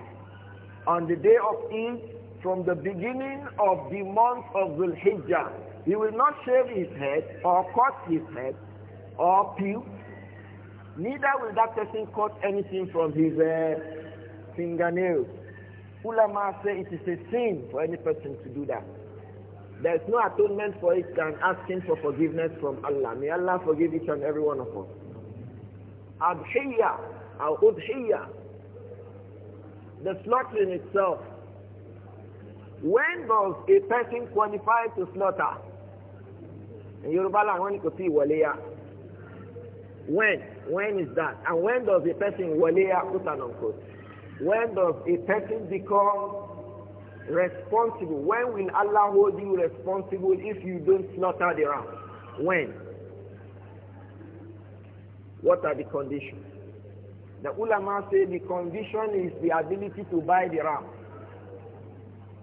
on the day of Eid from the beginning of the month of Dhul Hijjah, he will not shave his head or cut his head or peel. Neither will that person cut anything from his uh, fingernails. Ulama say it is a sin for any person to do that. There is no atonement for it than asking for forgiveness from Allah. May Allah forgive each and every one of us. Abhiya, al udhiyya, the slaughtering itself. When does a person qualify to slaughter? In Yoruba you see When? When is that? And when does a person waliya, quote unquote? When does a person become responsible. When will Allah hold you responsible if you don't slaughter the ram? When? What are the conditions? The ulama say the condition is the ability to buy the ram.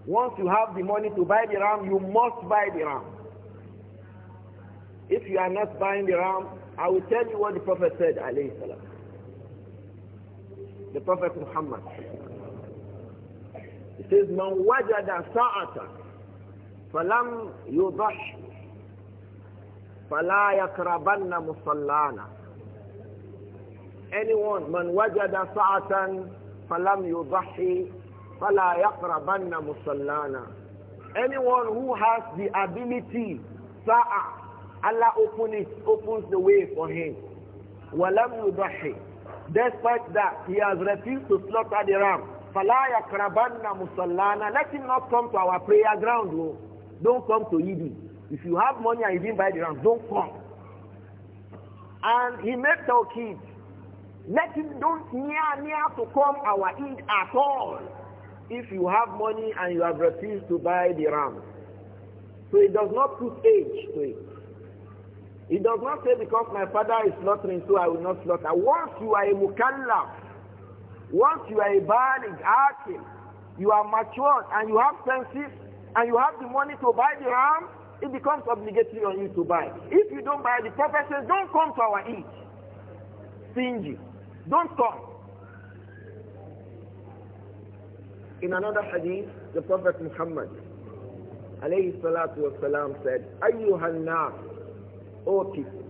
Once you have the money to buy the ram, you must buy the ram. If you are not buying the ram, I will tell you what the Prophet said, alayhi salam. The Prophet Muhammad it says, "من وجد sa'ata فلم yudash فلا yakrabanna musallana. Anyone, man وجد sa'atan فلم يضحي فلا yakrabanna musallana. Anyone who has the ability, sa'a, Allah open it, opens the way for him. Walam يضحي. Despite that, he has refused to slaughter the ram. Musallana. Let him not come to our prayer ground. Oh. Don't come to Yidi. If you have money and you didn't buy the ground, don't come. And he our kids. Let him don't near near to come our Eid at all. If you have money and you have refused to buy the ram. So it does not put age to it. It does not say because my father is slaughtering so I will not slaughter. Once you are a mukallaf, once you are a balig, acting, you are matured and you have senses and you have the money to buy the ram, it becomes obligatory on you to buy. If you don't buy, the prophet says, don't come to our eat. Stingy. Don't come. In another hadith, the Prophet Muhammad alayhi salatu wasalam said, Ayyuhan nas, O people,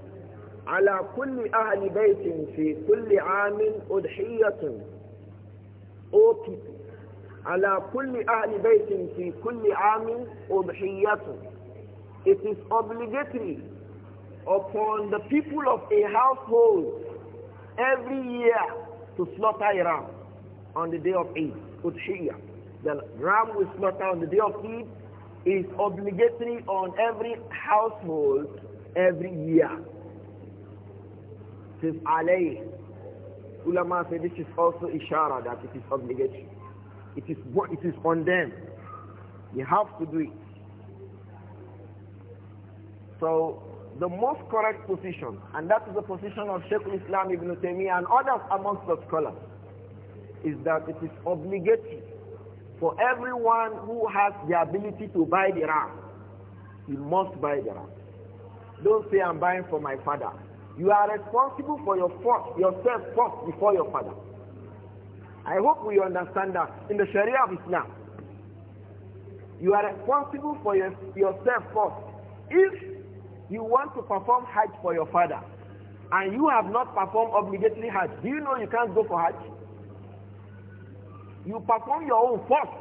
ala kulli ahli baytin fi kulli amin udhiyatun على كل أهل بيت في كل عام أضحية. It is obligatory upon the people of a household every year to slaughter a ram on the day of Eid, Udhiyya. The ram we slaughter on the day of Eid is obligatory on every household every year. It is عليه ulama say this is also ishara that it is obligatory. It is, it is on them. They have to do it. So the most correct position, and that is the position of Sheikh Islam Ibn Taymiyyah and others amongst the scholars, is that it is obligatory for everyone who has the ability to buy the ram. You must buy the ram. Don't say I'm buying for my father. You are responsible for your first, yourself first before your father. I hope we understand that in the Sharia of Islam. You are responsible for your, yourself first. If you want to perform Hajj for your father and you have not performed obligatory Hajj, do you know you can't go for Hajj? You perform your own first.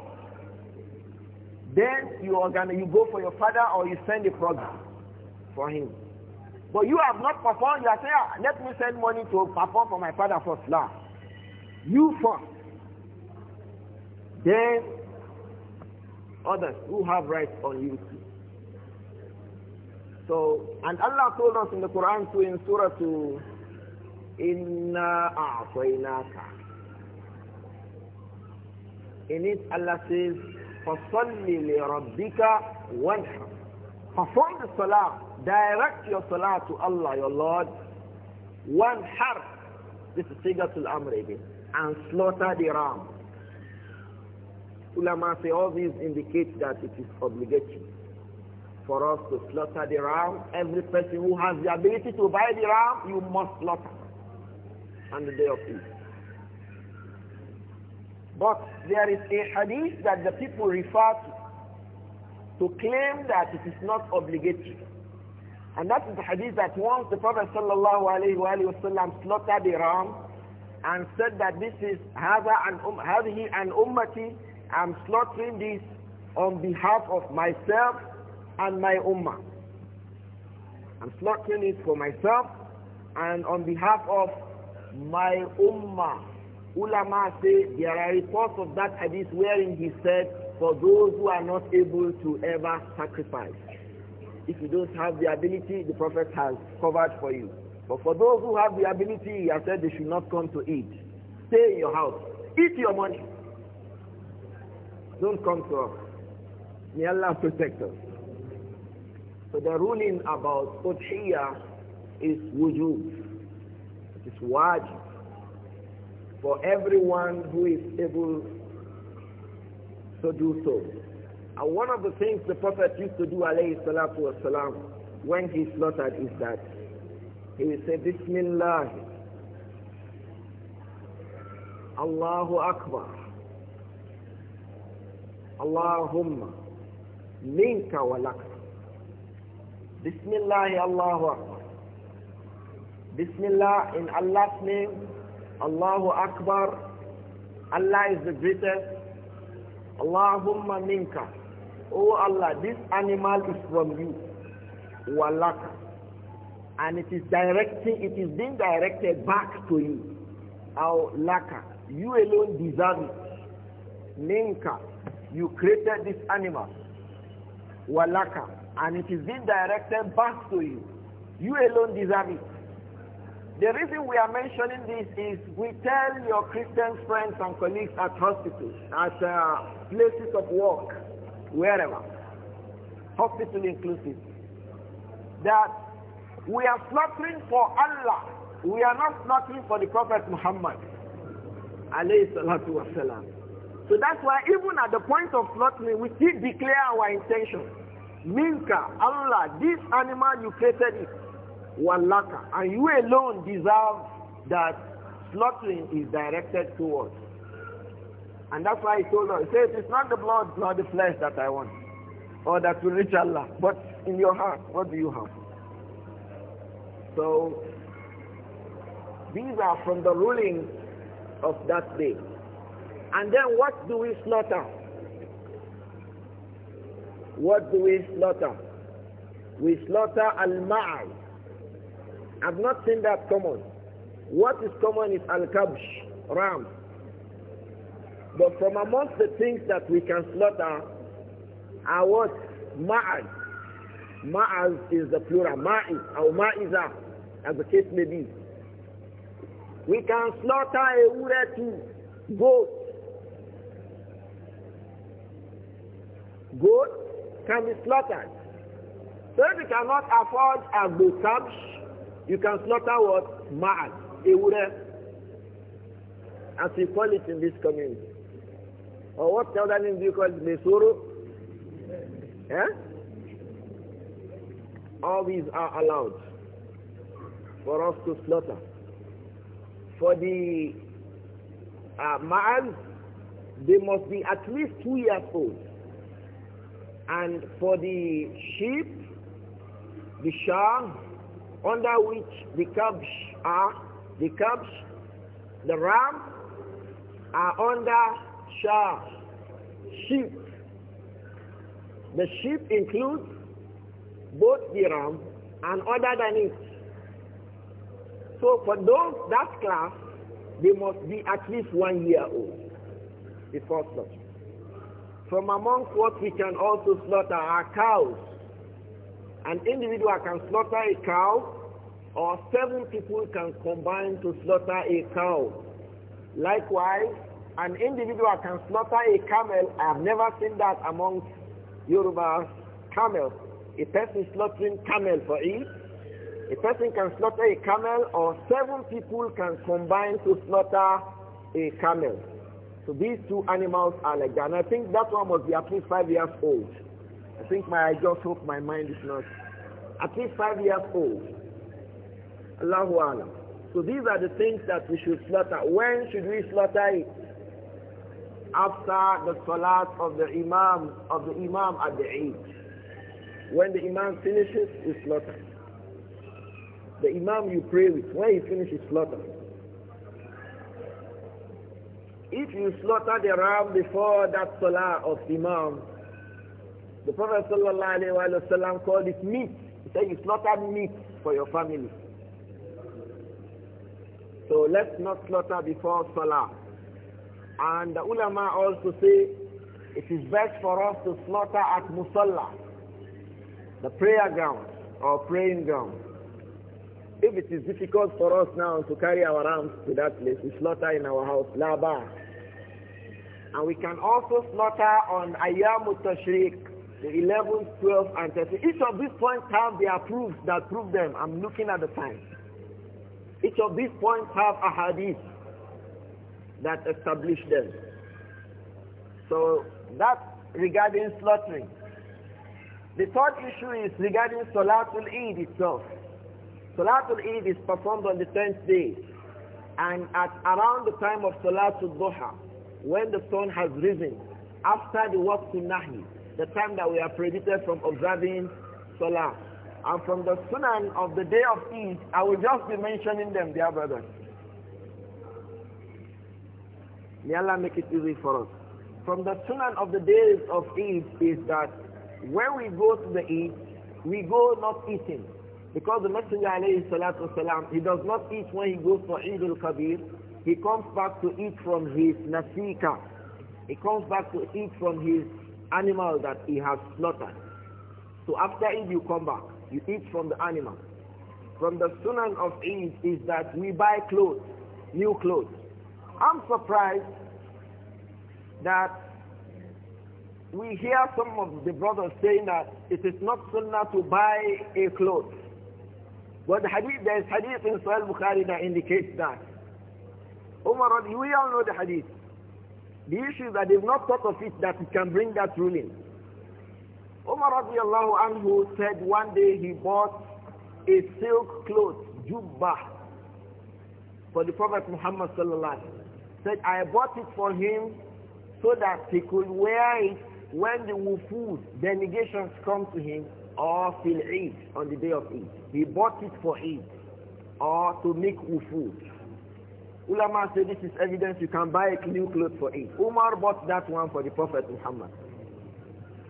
Then you, you go for your father or you send a program for him. But you have not performed, you are saying, ah, let me send money to perform for my father for Salah." you first. Then others who have rights on you too. So, and Allah told us in the Quran to in Surah to Inna a'tainaka. In it Allah says, فَصَلِّ لِرَبِّكَ وَانْحَرْ Perform the salah direct your salah to Allah, your Lord, one harf, this is to Amr again, and slaughter the ram. Ulama say all these indicate that it is obligatory for us to slaughter the ram. Every person who has the ability to buy the ram, you must slaughter on the day of Eid. But there is a hadith that the people refer to to claim that it is not obligatory. And that is the hadith that once the Prophet sallallahu alayhi wa slaughtered the ram and said that this is هذا an um, هذه an ummati, I'm slaughtering this on behalf of myself and my ummah. I'm slaughtering it for myself and on behalf of my ummah. Ulama say there are reports of that hadith wherein he said, for those who are not able to ever sacrifice. If you don't have the ability, the Prophet has covered for you. But for those who have the ability, he has said they should not come to eat. Stay in your house. Eat your money. Don't come to us. May Allah protect us. So the ruling about Udhiyah is wujud. It is wajib for everyone who is able to do so. And uh, one of the things the Prophet used to do, alayhi salatu wasalam, when he slaughtered is that he would say, Bismillah, Allahu Akbar, Allahumma, minka walak." laka. Bismillah, Allahu Akbar. Bismillah, in Allah's name, Allahu Akbar, Allah is the greatest, Allahumma minka. Oh Allah, this animal is from you. Walaka. And it is directing, it is being directed back to you. Our laka. You alone deserve it. ninka. You created this animal. Walaka. And it is being directed back to you. You alone deserve it. The reason we are mentioning this is we tell your Christian friends and colleagues at hospitals, at uh, places of work, wherever, hospital inclusive, that we are slaughtering for Allah. We are not slaughtering for the Prophet Muhammad. So that's why even at the point of slaughtering, we still declare our intention. Minka, Allah, this animal you created it. Wallaka. And you alone deserve that slaughtering is directed towards. And that's why he told us, he says, it's not the blood nor the flesh that I want, or that will reach Allah, but in your heart, what do you have? So, these are from the ruling of that day. And then what do we slaughter? What do we slaughter? We slaughter al-ma'i. I've not seen that common. What is common is al-kabsh, ram. But from amongst the things that we can slaughter are what? Ma'az. Ma'az is the plural. Ma'iz or ma'iza, as the case may be. We can slaughter a to goat. Goat can be slaughtered. So if you cannot afford a goat, you can slaughter what? Ma'az, a as we call it in this community. Or oh, what other name do you call Mesuru? Eh? All these are allowed for us to slaughter. For the uh, man, they must be at least two years old. And for the sheep, the shah, under which the cubs are, the cubs, the ram, are under Shah, sheep. The sheep includes both the ram and other than it. So for those, that class, they must be at least one year old before slaughtering. From amongst what we can also slaughter are cows. An individual can slaughter a cow or seven people can combine to slaughter a cow. Likewise, an individual can slaughter a camel. I have never seen that among Yoruba camels. A person slaughtering camel for Eid. A person can slaughter a camel or seven people can combine to slaughter a camel. So these two animals are like that. And I think that one must be at least five years old. I think my I just hope my mind is not at least five years old. Allahu Alam. So these are the things that we should slaughter. When should we slaughter it? after the salat of the imam of the imam at the Eid. When the imam finishes, you slaughter. The imam you pray with, when he finishes, slaughter. If you slaughter the ram before that salah of imam, the Prophet ﷺ called it meat. He said you slaughtered meat for your family. So let's not slaughter before salah. And the ulama also say it is best for us to slaughter at musalla, the prayer ground or praying ground. If it is difficult for us now to carry our arms to that place, we slaughter in our house, laba. And we can also slaughter on ayam tashriq, the 11th, 12th, and 13th. Each of these points have their proofs that prove them. I'm looking at the time. Each of these points have a hadith that established them. So that regarding slaughtering. The third issue is regarding Salatul Eid itself. Salatul Eid is performed on the 10th day and at around the time of Salatul Duha, when the sun has risen, after the Waqtul Nahi, the time that we are prohibited from observing Salah. And from the Sunan of the day of Eid, I will just be mentioning them, dear brothers. May Allah make it easy for us. From the sunan of the days of Eid is that when we go to the Eid, we go not eating. Because the Messenger alayhi salatu wasalam, he does not eat when he goes for Eid al-Kabir. He comes back to eat from his nasika. He comes back to eat from his animal that he has slaughtered. So after Eid you come back, you eat from the animal. From the sunan of Eid is that we buy clothes, new clothes. I'm surprised that we hear some of the brothers saying that it is not sunnah to buy a cloth. But the hadith, there is hadith in Sahih Bukhari that indicates that. Umar, we all know the hadith. The issue is that they've not thought of it that it can bring that ruling. Umar radiallahu anhu said one day he bought a silk cloth, jubbah, for the Prophet Muhammad sallallahu alaihi wasallam said, I bought it for him so that he could wear it when the wufud, delegations come to him, or fil Eid, on the day of Eid. He bought it for Eid, or to make wufoo. Ulama said this is evidence you can buy a new cloth for Eid. Umar bought that one for the Prophet Muhammad.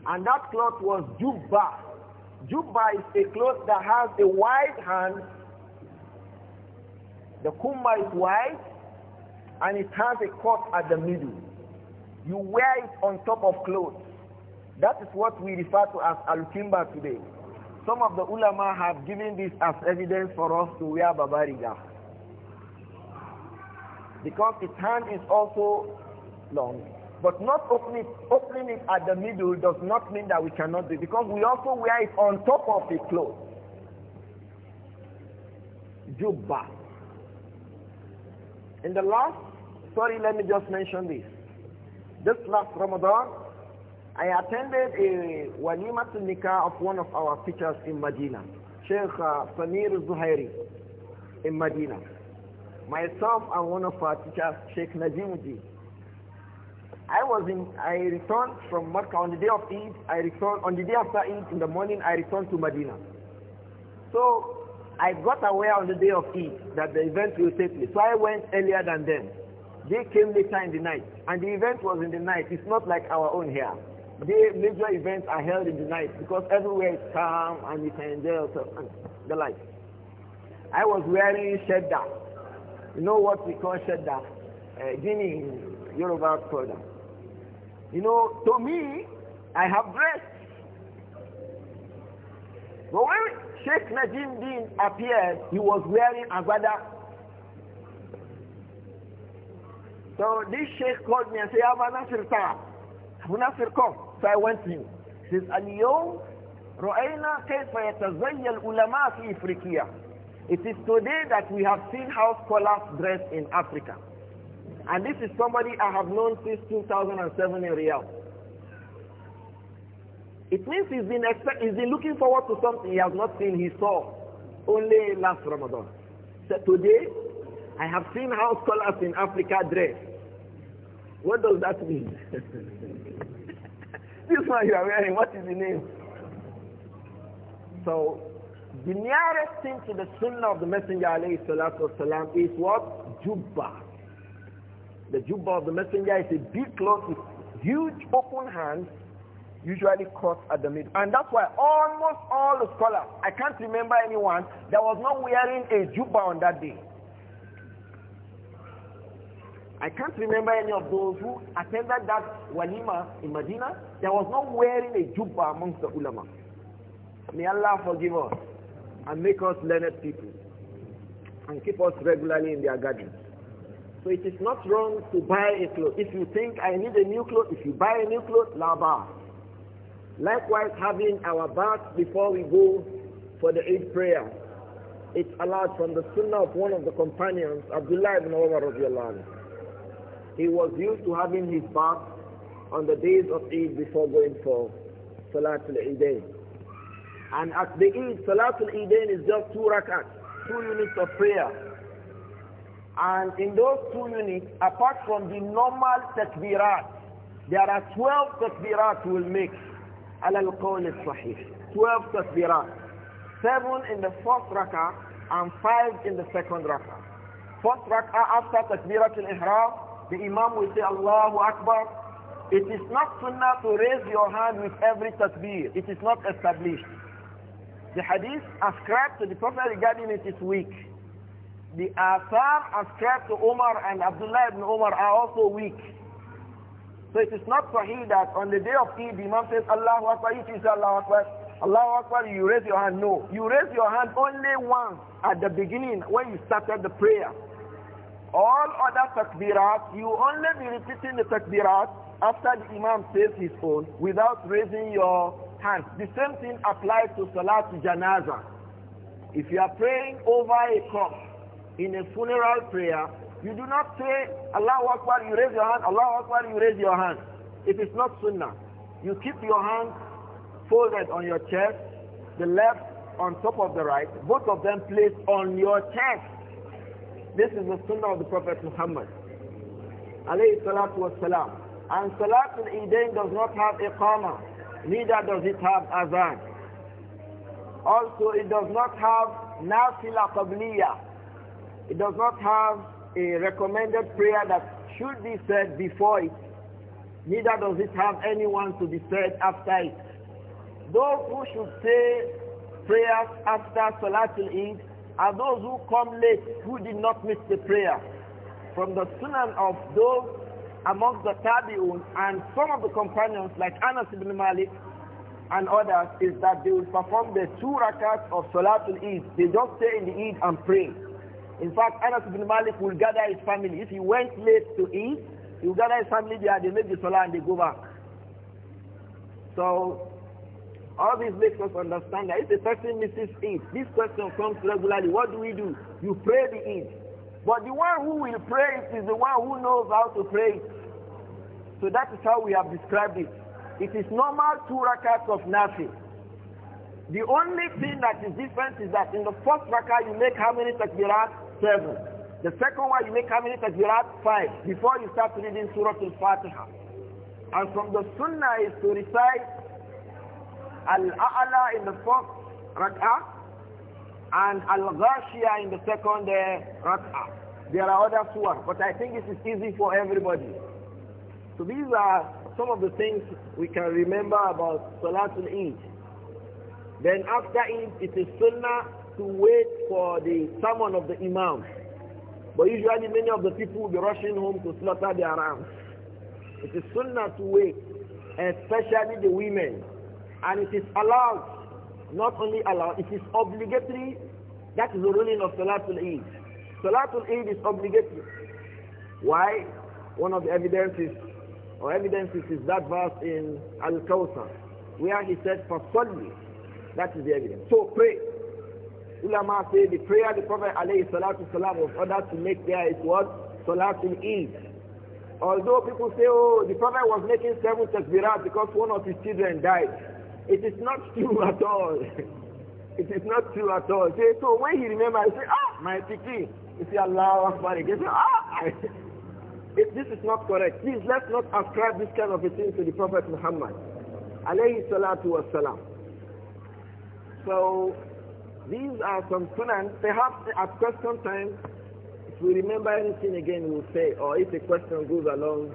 And that cloth was jubba. Jubba is a cloth that has a wide hand. The kuma is white and it has a cut at the middle. You wear it on top of clothes. That is what we refer to as al today. Some of the ulama have given this as evidence for us to wear babariga. Because its hand is also long. But not opening it, opening it at the middle does not mean that we cannot do it because we also wear it on top of the clothes. Jubba. In the last Sorry, let me just mention this. This last Ramadan, I attended a walimatul nikah of one of our teachers in Medina, Sheikh uh, Samir Zuhairi in Medina. Myself and one of our teachers, Sheikh Najimuddin. I was in, I returned from Makkah on the day of Eid. I returned, on the day after Eid in the morning, I returned to Medina. So I got aware on the day of Eid that the event will take place. So I went earlier than them. They came later in the night, and the event was in the night. It's not like our own here. The major events are held in the night because everywhere is calm and you can enjoy yourself and the like. I was wearing shedda. You know what we call shedda? Uh, Guinea Yoruba product. You know, to me, I have breasts. But when Sheikh Najim Din appeared, he was wearing agbada So this sheikh called me and said, I Nasir Ta'am. Abu Nasir, come. So I went to him. He says, Al-Yawm رأينا كيف يتزي العلماء في إفريقيا. It is today that we have seen how scholars dress in Africa. And this is somebody I have known since 2007 in Riyadh. It means he's been, expect, he's been looking forward to something he has not seen, he saw only last Ramadan. So today, I have seen how scholars in Africa dress. What does that mean? *laughs* this one you are wearing, what is the name? So, the nearest thing to the sunnah of the Messenger alayhi is what? Jubba. The jubba of the Messenger is a big cloth with huge open hands, usually cut at the middle. And that's why almost all the scholars, I can't remember anyone that was not wearing a jubba on that day. I can't remember any of those who attended that walima in Medina. There was no wearing a jubba amongst the ulama. May Allah forgive us and make us learned people and keep us regularly in their gardens. So it is not wrong to buy a cloth. If you think I need a new cloth, if you buy a new cloth, bar. Likewise, having our bath before we go for the Eid prayer. It's allowed from the sunnah of one of the companions, Abdullah ibn Umar radiallahu anhu he was used to having his bath on the days of Eid before going for Salatul Eidain. And at the Eid, Salatul Eidain is just two rakat, two units of prayer. And in those two units, apart from the normal takbirat, there are 12 takbirat we will make. Al qawl sahih 12 takbirat. Seven in the first rakah and five in the second rakah. First rakah after takbirat al-ihram, the Imam will say Allahu Akbar. It is not sunnah to raise your hand with every tasbih. It is not established. The hadith ascribed to the Prophet regarding it is weak. The athar ascribed to Omar and Abdullah ibn Omar are also weak. So it is not sahih that on the day of Eid, the Imam says, Allahu Akbar, if you say Allahu Akbar, Allahu Akbar, you raise your hand. No, you raise your hand only once at the beginning when you started the prayer. All other takbirat, you only be repeating the takbirat after the imam says his own without raising your hand. The same thing applies to salat janaza. If you are praying over a cup in a funeral prayer, you do not say, Allah Akbar, you raise your hand, Allah Akbar, you raise your hand. It is not sunnah. You keep your hand folded on your chest, the left on top of the right, both of them placed on your chest. This is the sunnah of the Prophet Muhammad. Alayhi salatu wassalam. And Salatul Eidain does not have iqama, neither does it have azan. Also, it does not have nafila qabliya. It does not have a recommended prayer that should be said before it. Neither does it have anyone to be said after it. Those who should say prayers after Salatul Eid are those who come late who did not miss the prayer. From the sunan of those amongst the tabi'un and some of the companions like Anas ibn Malik and others is that they will perform the two rakats of Salatul Eid. They just stay in the Eid and pray. In fact, Anas ibn Malik will gather his family. If he went late to Eid, he will gather his family there, they make the Salah and they go back. So all this makes us understand that if a person misses it, this question comes regularly. What do we do? You pray the Eid. But the one who will pray it is the one who knows how to pray it. So that is how we have described it. It is normal two rakats of nothing. The only thing that is different is that in the first rakat you make how many takbirat? Seven. The second one you make how many takbirat? Five. Before you start reading Surah Al-Fatiha. And from the sunnah is to recite Al-A'la in the first rak'ah and Al-Ghashiyah in the second uh, rak'ah. There are other surah, but I think this is easy for everybody. So these are some of the things we can remember about Salatul Eid. Then after Eid, it is sunnah to wait for the sermon of the imam. But usually many of the people will be rushing home to slaughter their rams. It is sunnah to wait, especially the women. And it is allowed, not only allowed, it is obligatory. That is the ruling of Salatul Eid. Salatul Eid is obligatory. Why? One of the evidences or evidences is that verse in Al-Kawthar where he said, فَصَلِّ That is the evidence. So pray. Ulama say the prayer the Prophet alayhi salatu salam was ordered to make there is what? Salatul Eid. Although people say, oh, the Prophet was making seven takbirat because one of his children died. It is not true at all. *laughs* it is not true at all. so when he remember, he say, ah, my tiki. You say, Allah Akbar. He say, ah. *laughs* if this is not correct, please let's not ascribe this kind of a thing to the Prophet Muhammad. Alayhi salatu wasalam. So, these are some sunan. Perhaps at question time, if we remember anything again, we'll say, or if a question goes along,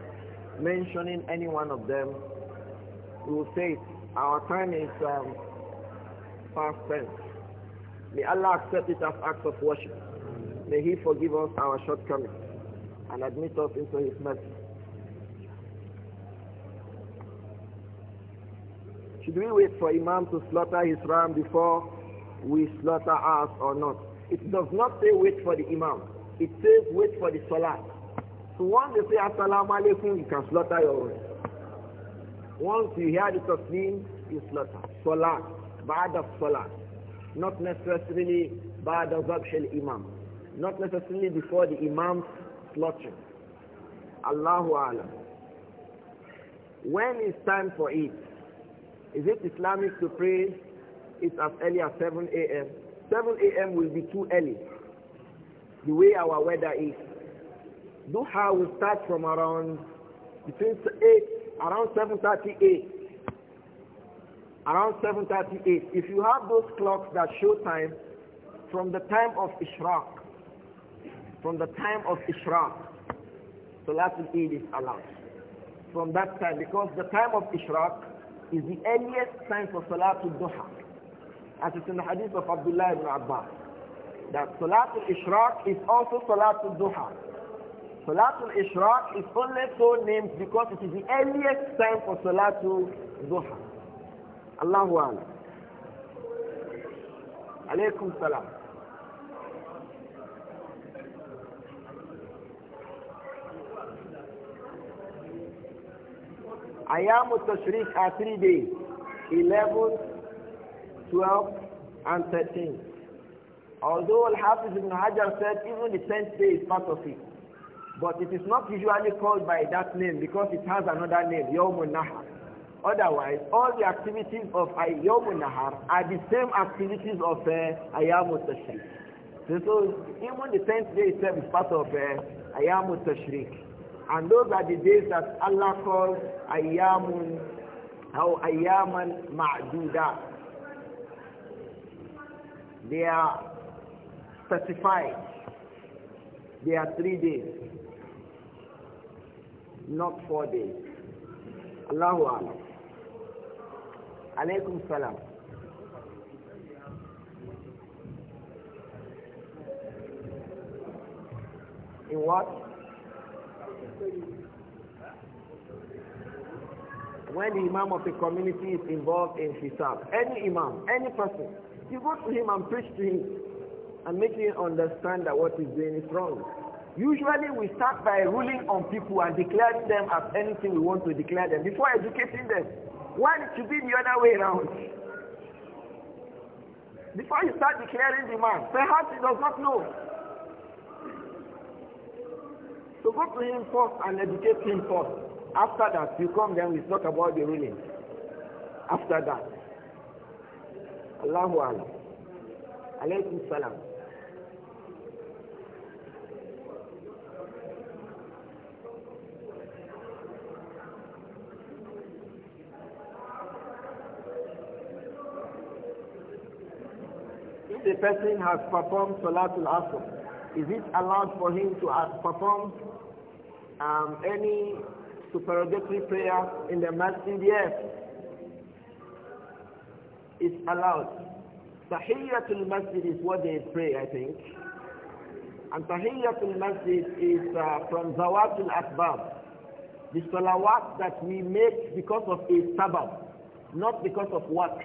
mentioning any one of them, we will say it our time is um, past tense. May Allah accept it as acts of worship. May He forgive us our shortcomings and admit us into His mercy. Should we wait for Imam to slaughter his ram before we slaughter ours or not? It does not say wait for the Imam. It says wait for the Salah. So once they say Assalamu alaikum, you can slaughter your own. Once you hear the taslim, you slaughter. Salah, bad of salah. Not necessarily bad of of imam. Not necessarily before the imam's Allah Allahu Alam. When is time for it? Is it Islamic to pray it as early as 7 a.m.? 7 a.m. will be too early, the way our weather is. Duha will start from around between 8 around 7.38. Around 7.38. If you have those clocks that show time from the time of Ishraq, from the time of Ishraq, Salatul Eid is allowed. From that time, because the time of Ishraq is the earliest time for Salatul Duha. As it's in the hadith of Abdullah ibn Abbas, that Salatul Ishraq is also Salatul Duha. Salatul Ishraq is only so named because it is the earliest time for Salatul Zuhra. Allahu Akbar. Alaykum Salam. Ayamu Tashriq are three days, 11, 12, and 13. Although Al-Hafiz ibn Hajar said even the 10th day is part of it. But it is not usually called by that name because it has another name, Yawmun Nahar. Otherwise, all the activities of Yawmun Nahar are the same activities of uh, Ayamut Tashriq. So, even the 10th day itself is part of uh, Ayamut Tashriq. And those are the days that Allah calls Ayamun how Ayaman Ma'duda. They are specified. They are three days not four days. Allahu Akbar. Alaykum salam. In what? When the imam of the community is involved in hisab, any imam, any person, you go to him and preach to him and make him understand that what he's doing is wrong. Usually we start by ruling on people and declaring them as anything we want to declare them before educating them. Why it should be the other way around? Before you start declaring the man, perhaps he does not know. So go to him first and educate him first. After that, you come then we talk about the ruling. After that. Allahu Allah. Alaykum salam. person has performed Salatul Asr, is it allowed for him to perform um, any supererogatory prayer in the masjid? Yes. It's allowed. Tahiyyatul masjid is what they pray, I think. And Tahiyyatul masjid is uh, from Zawatul Asbab. The salawat that we make because of a sabab, not because of what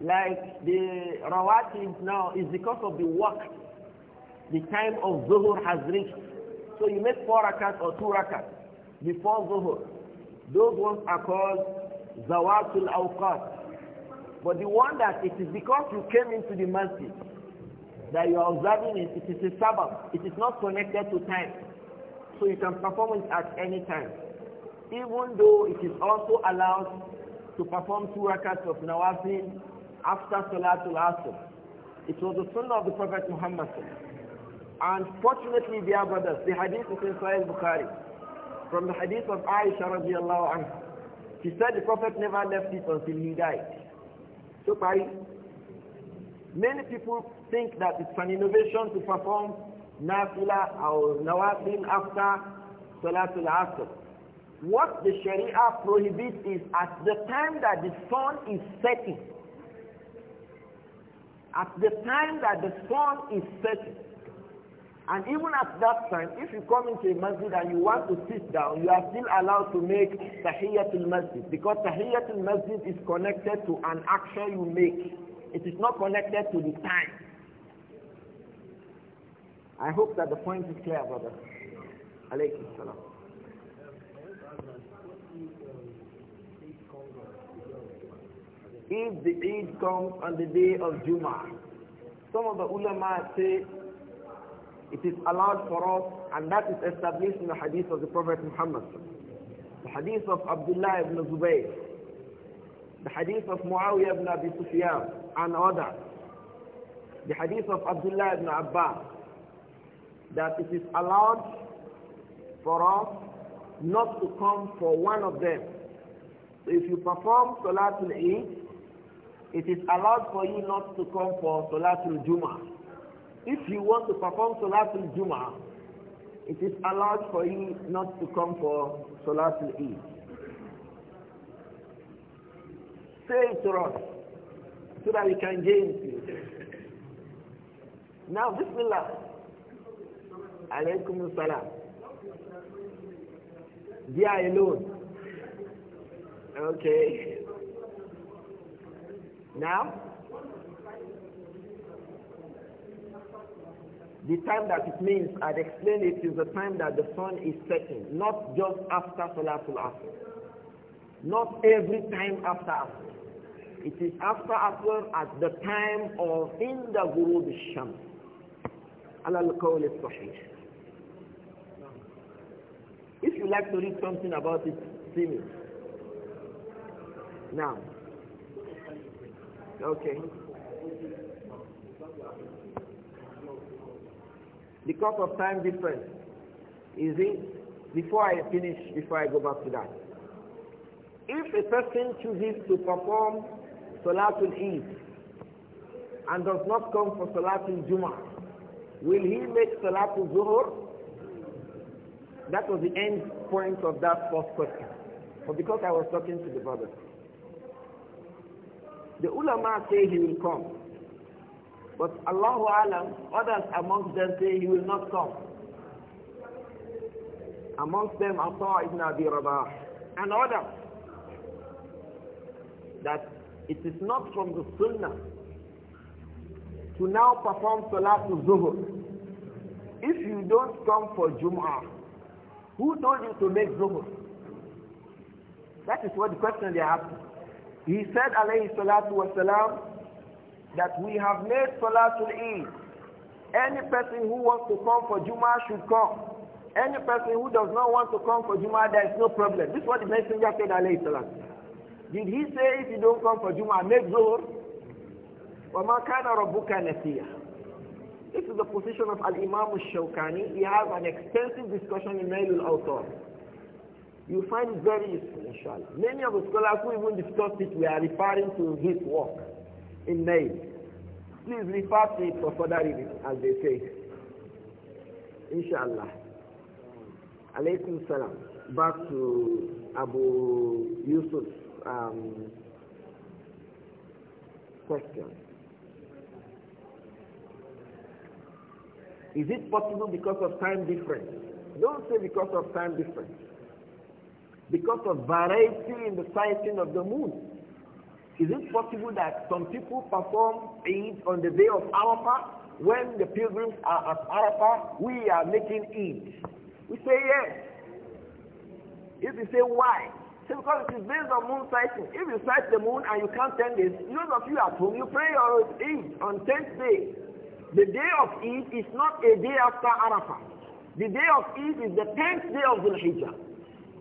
like the rawatib now is because of the work. The time of zuhur has reached. So you make four rakat or two rakat before zuhur. Those ones are called zawatul awqat. But the one that it is because you came into the masjid that you are observing it, it is a sabbath. It is not connected to time. So you can perform it at any time. Even though it is also allowed to perform two rakats of nawafil after Salatul Asr. It was the sunnah of the Prophet Muhammad. And fortunately, dear brothers, the hadith is in Sahih Bukhari. From the hadith of Aisha radiallahu anha. She said the Prophet never left it until he died. So by many people think that it's an innovation to perform nafila or nawafil after Salatul Asr. What the Sharia prohibits is at the time that the sun is setting, at the time that the sun is setting. And even at that time, if you come into a masjid and you want to sit down, you are still allowed to make tahiyyatul masjid because tahiyyatul masjid is connected to an action you make. It is not connected to the time. I hope that the point is clear, brother. Alaykum salam. if the Eid comes on the day of Jummah. Some of the ulama say it is allowed for us and that is established in the hadith of the Prophet Muhammad. The hadith of Abdullah ibn Zubayr, the hadith of Muawiyah ibn Abi Sufyan and others, the hadith of Abdullah ibn Abbas, that it is allowed for us not to come for one of them. So if you perform Salatul Eid, it is allowed for you not to come for Salatul Juma. If you want to perform Salatul Juma, it is allowed for you not to come for Salatul Eid. Say it to us so that we can gain it. Now, Bismillah. Alaykum salam. They alone. Okay. Now, the time that it means, I'd explain it, is the time that the sun is setting, not just after Salatul Asr. Not every time after Asr. It is after Asr at the time of in the Ghurub shams على القول الصحيح. If you like to read something about it, see me. Now, Okay. Because of time difference, is it? Before I finish, before I go back to that. If a person chooses to perform Salatul Eid and does not come for Salatul Jummah, will he make Salatul Zuhur? That was the end point of that first question. But because I was talking to the brother. The ulama say he will come. But Allahu Alam, others amongst them say he will not come. Amongst them Atta ibn Abi Rabah and others. That it is not from the Sunnah to now perform Salatul Zuhur. If you don't come for Jum'ah, who told you to make Zuhur? That is what the question they are asking. He said, alayhi salatu wasalam, that we have made salatul Eid. Any person who wants to come for Juma should come. Any person who does not want to come for Juma, there is no problem. This is what the messenger said, alayhi salatu. Did he say if you don't come for Juma, make zuhur? وَمَا this is the position of Al-Imam al-Shawkani. He has an extensive discussion in Nailul Awtar you find it very useful, inshallah. Many of the scholars who even discussed it, we are referring to his work in May. Please refer to it for further reading, as they say. Inshallah. Alaykum salam. Back to Abu Yusuf's um, question. Is it possible because of time difference? Don't say because of time difference because of variety in the sighting of the moon. Is it possible that some people perform Eid on the day of Arafah when the pilgrims are at Arafah? We are making Eid. We say yes. If you say why, say because it is based on moon sighting. If you sight the moon and you can't tell this, those of you at home you pray your Eid on tenth day. The day of Eid is not a day after Arafah. The day of Eid is the tenth day of Dhul Hijjah.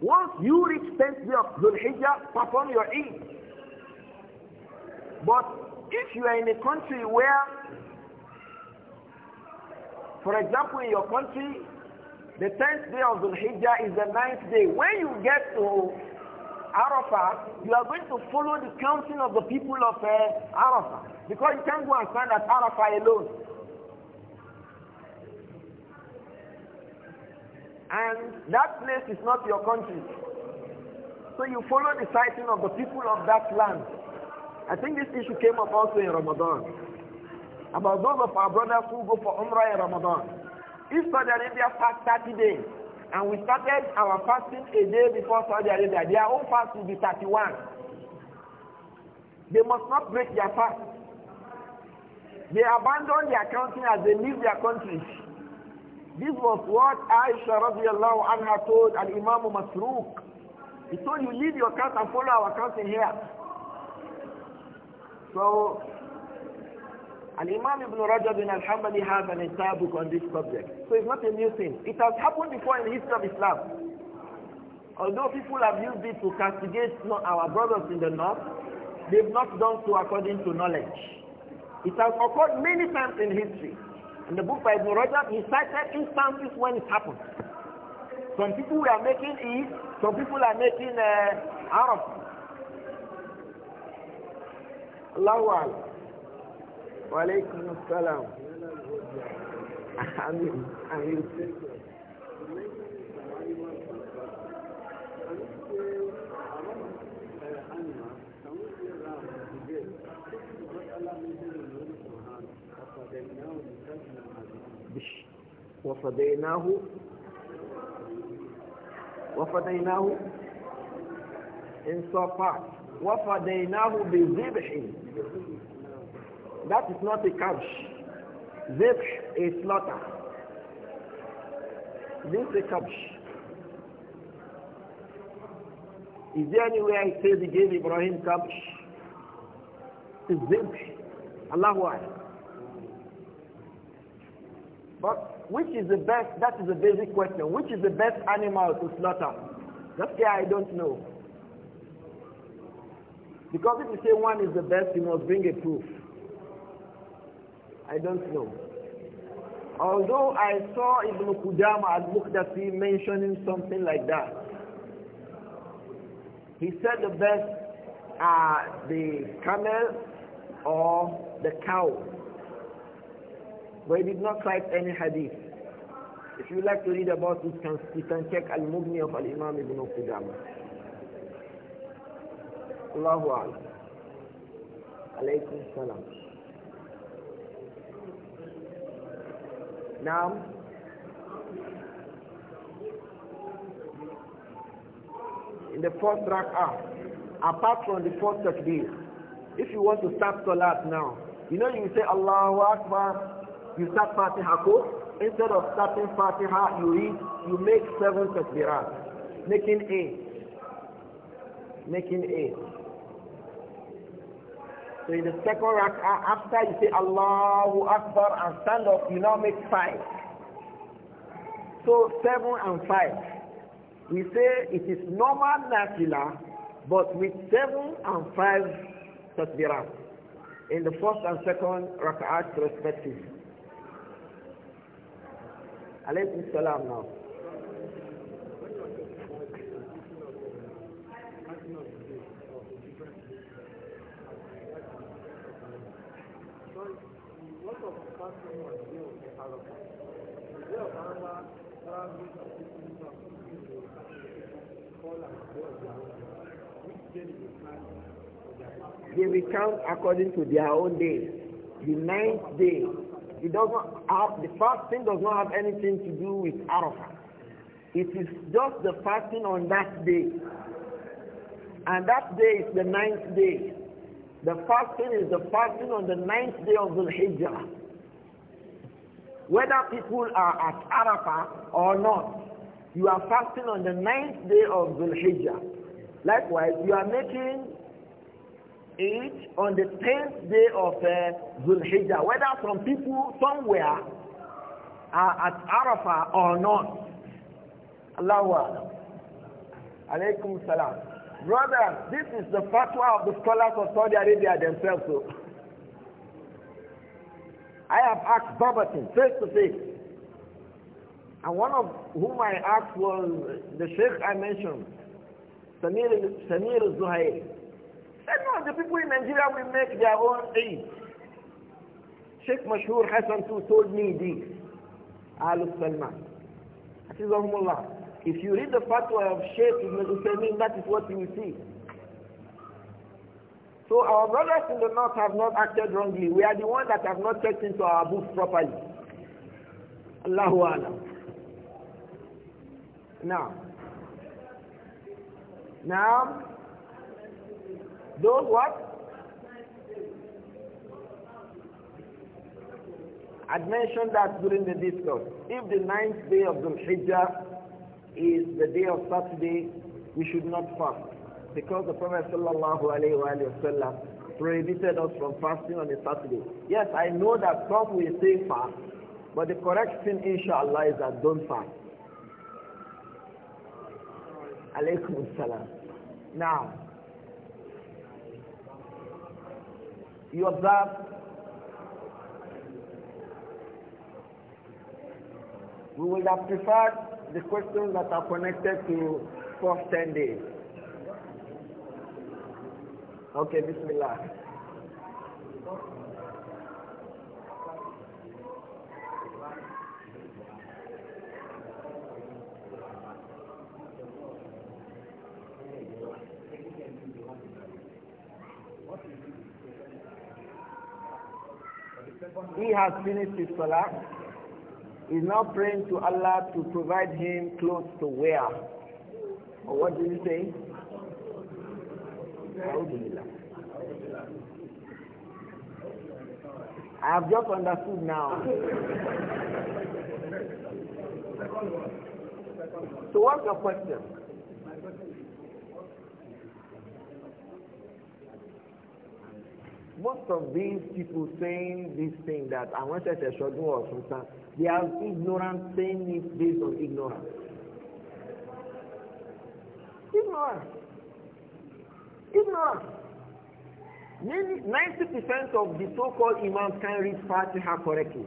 Once you reach 10th day of Dhul Hijjah, perform your Eid. But if you are in a country where, for example, in your country, the 10th day of Dhul Hijjah is the ninth day. When you get to Arafah, you are going to follow the counting of the people of uh, Arafah. Because you can't go and stand at Arafah alone. And that place is not your country. So you follow the sighting of the people of that land. I think this issue came up also in Ramadan. About those of our brothers who go for Umrah in Ramadan. If Saudi Arabia fast 30 days, and we started our fasting a day before Saudi Arabia, their own fast will be 31. They must not break their fast. They abandon their counting as they leave their countries. This was what Aisha radiallahu anha told and Imam Masruq. He told you leave your cat and follow our cat in here. So Al-Imam Ibn Rajab bin Al-Hambali has an entire book on this subject. So it's not a new thing. It has happened before in the history of Islam. Although people have used it to castigate our brothers in the north, they've not done so according to knowledge. It has occurred many times in history. in the book by Ibn Rajab, he cited instances when it happened. Some people are making Eid, some people are making uh, Arab. Allahu Akbar. Wa alaikum I mean, I mean. وفديناه وفديناه in Safa وفديناه بذبح that is not a cash ذبح a slaughter this is a kabsh Is there anywhere it say he gave Ibrahim kabsh? It's zibh. Allahu But which is the best, that is the basic question. Which is the best animal to slaughter? Just say, I don't know. Because if you say one is the best, you must bring a proof. I don't know. Although I saw Ibn Qudama al-Muqdasi mentioning something like that. He said the best are the camel or the cow. But he did not cite any hadith. If you like to read about it, you can check Al-Mughni of Al-Imam Ibn Qudamah. Allahu Akbar. Alaykum Salam. Now, in the fourth rak'ah, apart from the fourth takbir, if you want to start salat now, you know you say Allahu Akbar, you start Fatiha ko. Instead of starting Fatiha, you read, you make seven takbirat, making eight. Making eight. So in the second rak'ah, after you say Allahu Akbar and stand up, you now make five. So seven and five. We say it is normal nafila, but with seven and five tasbirah in the first and second rak'at respectively. alaykum salaam náà. They will count according to their own day. The ninth day It does not have, the fasting does not have anything to do with Arafah. It is just the fasting on that day. And that day is the ninth day. The fasting is the fasting on the ninth day of the Hijrah. Whether people are at Arafah or not, you are fasting on the ninth day of the Hijrah. Likewise, you are making it on the 10th day of uh, Zulhijjah, whether from people somewhere uh, at Arafah or not. Allahu alaikum Alaykum salam. Brothers, this is the fatwa of the scholars of Saudi Arabia themselves. So. I have asked Babatin face to face. And one of whom I asked was the sheikh I mentioned, Samir, Samir Zuhair said, no, the people in Nigeria will make their own Eid. Sheikh Mashur Hassan too told me this. Al Salman. Allah. If you read the fatwa of Sheikh Ibn Uthaymeen, that is what you will see. So our brothers in the north have not acted wrongly. We are the ones that have not checked into our books properly. Allahu Alam. Now, now those what? i mentioned that during the discourse. If the ninth day of the Hijjah is the day of Saturday, we should not fast. Because the Prophet ﷺ prohibited us from fasting on a Saturday. Yes, I know that some will say fast, but the correct thing, inshallah, is that don't fast. Alaykum *laughs* salam. Now, you observe we will have preferred the questions that are connected to first 10 days okay bismillah he has finished his salah, is now praying to Allah to provide him clothes to wear. Or what do you say? I have just understood now. so what's your question? Most of these people saying this thing that I want to show or something, they are ignorant, saying it based on ignorance. Ignorance. Ignorance. Nearly 90% of the so-called imams can read Fatiha correctly.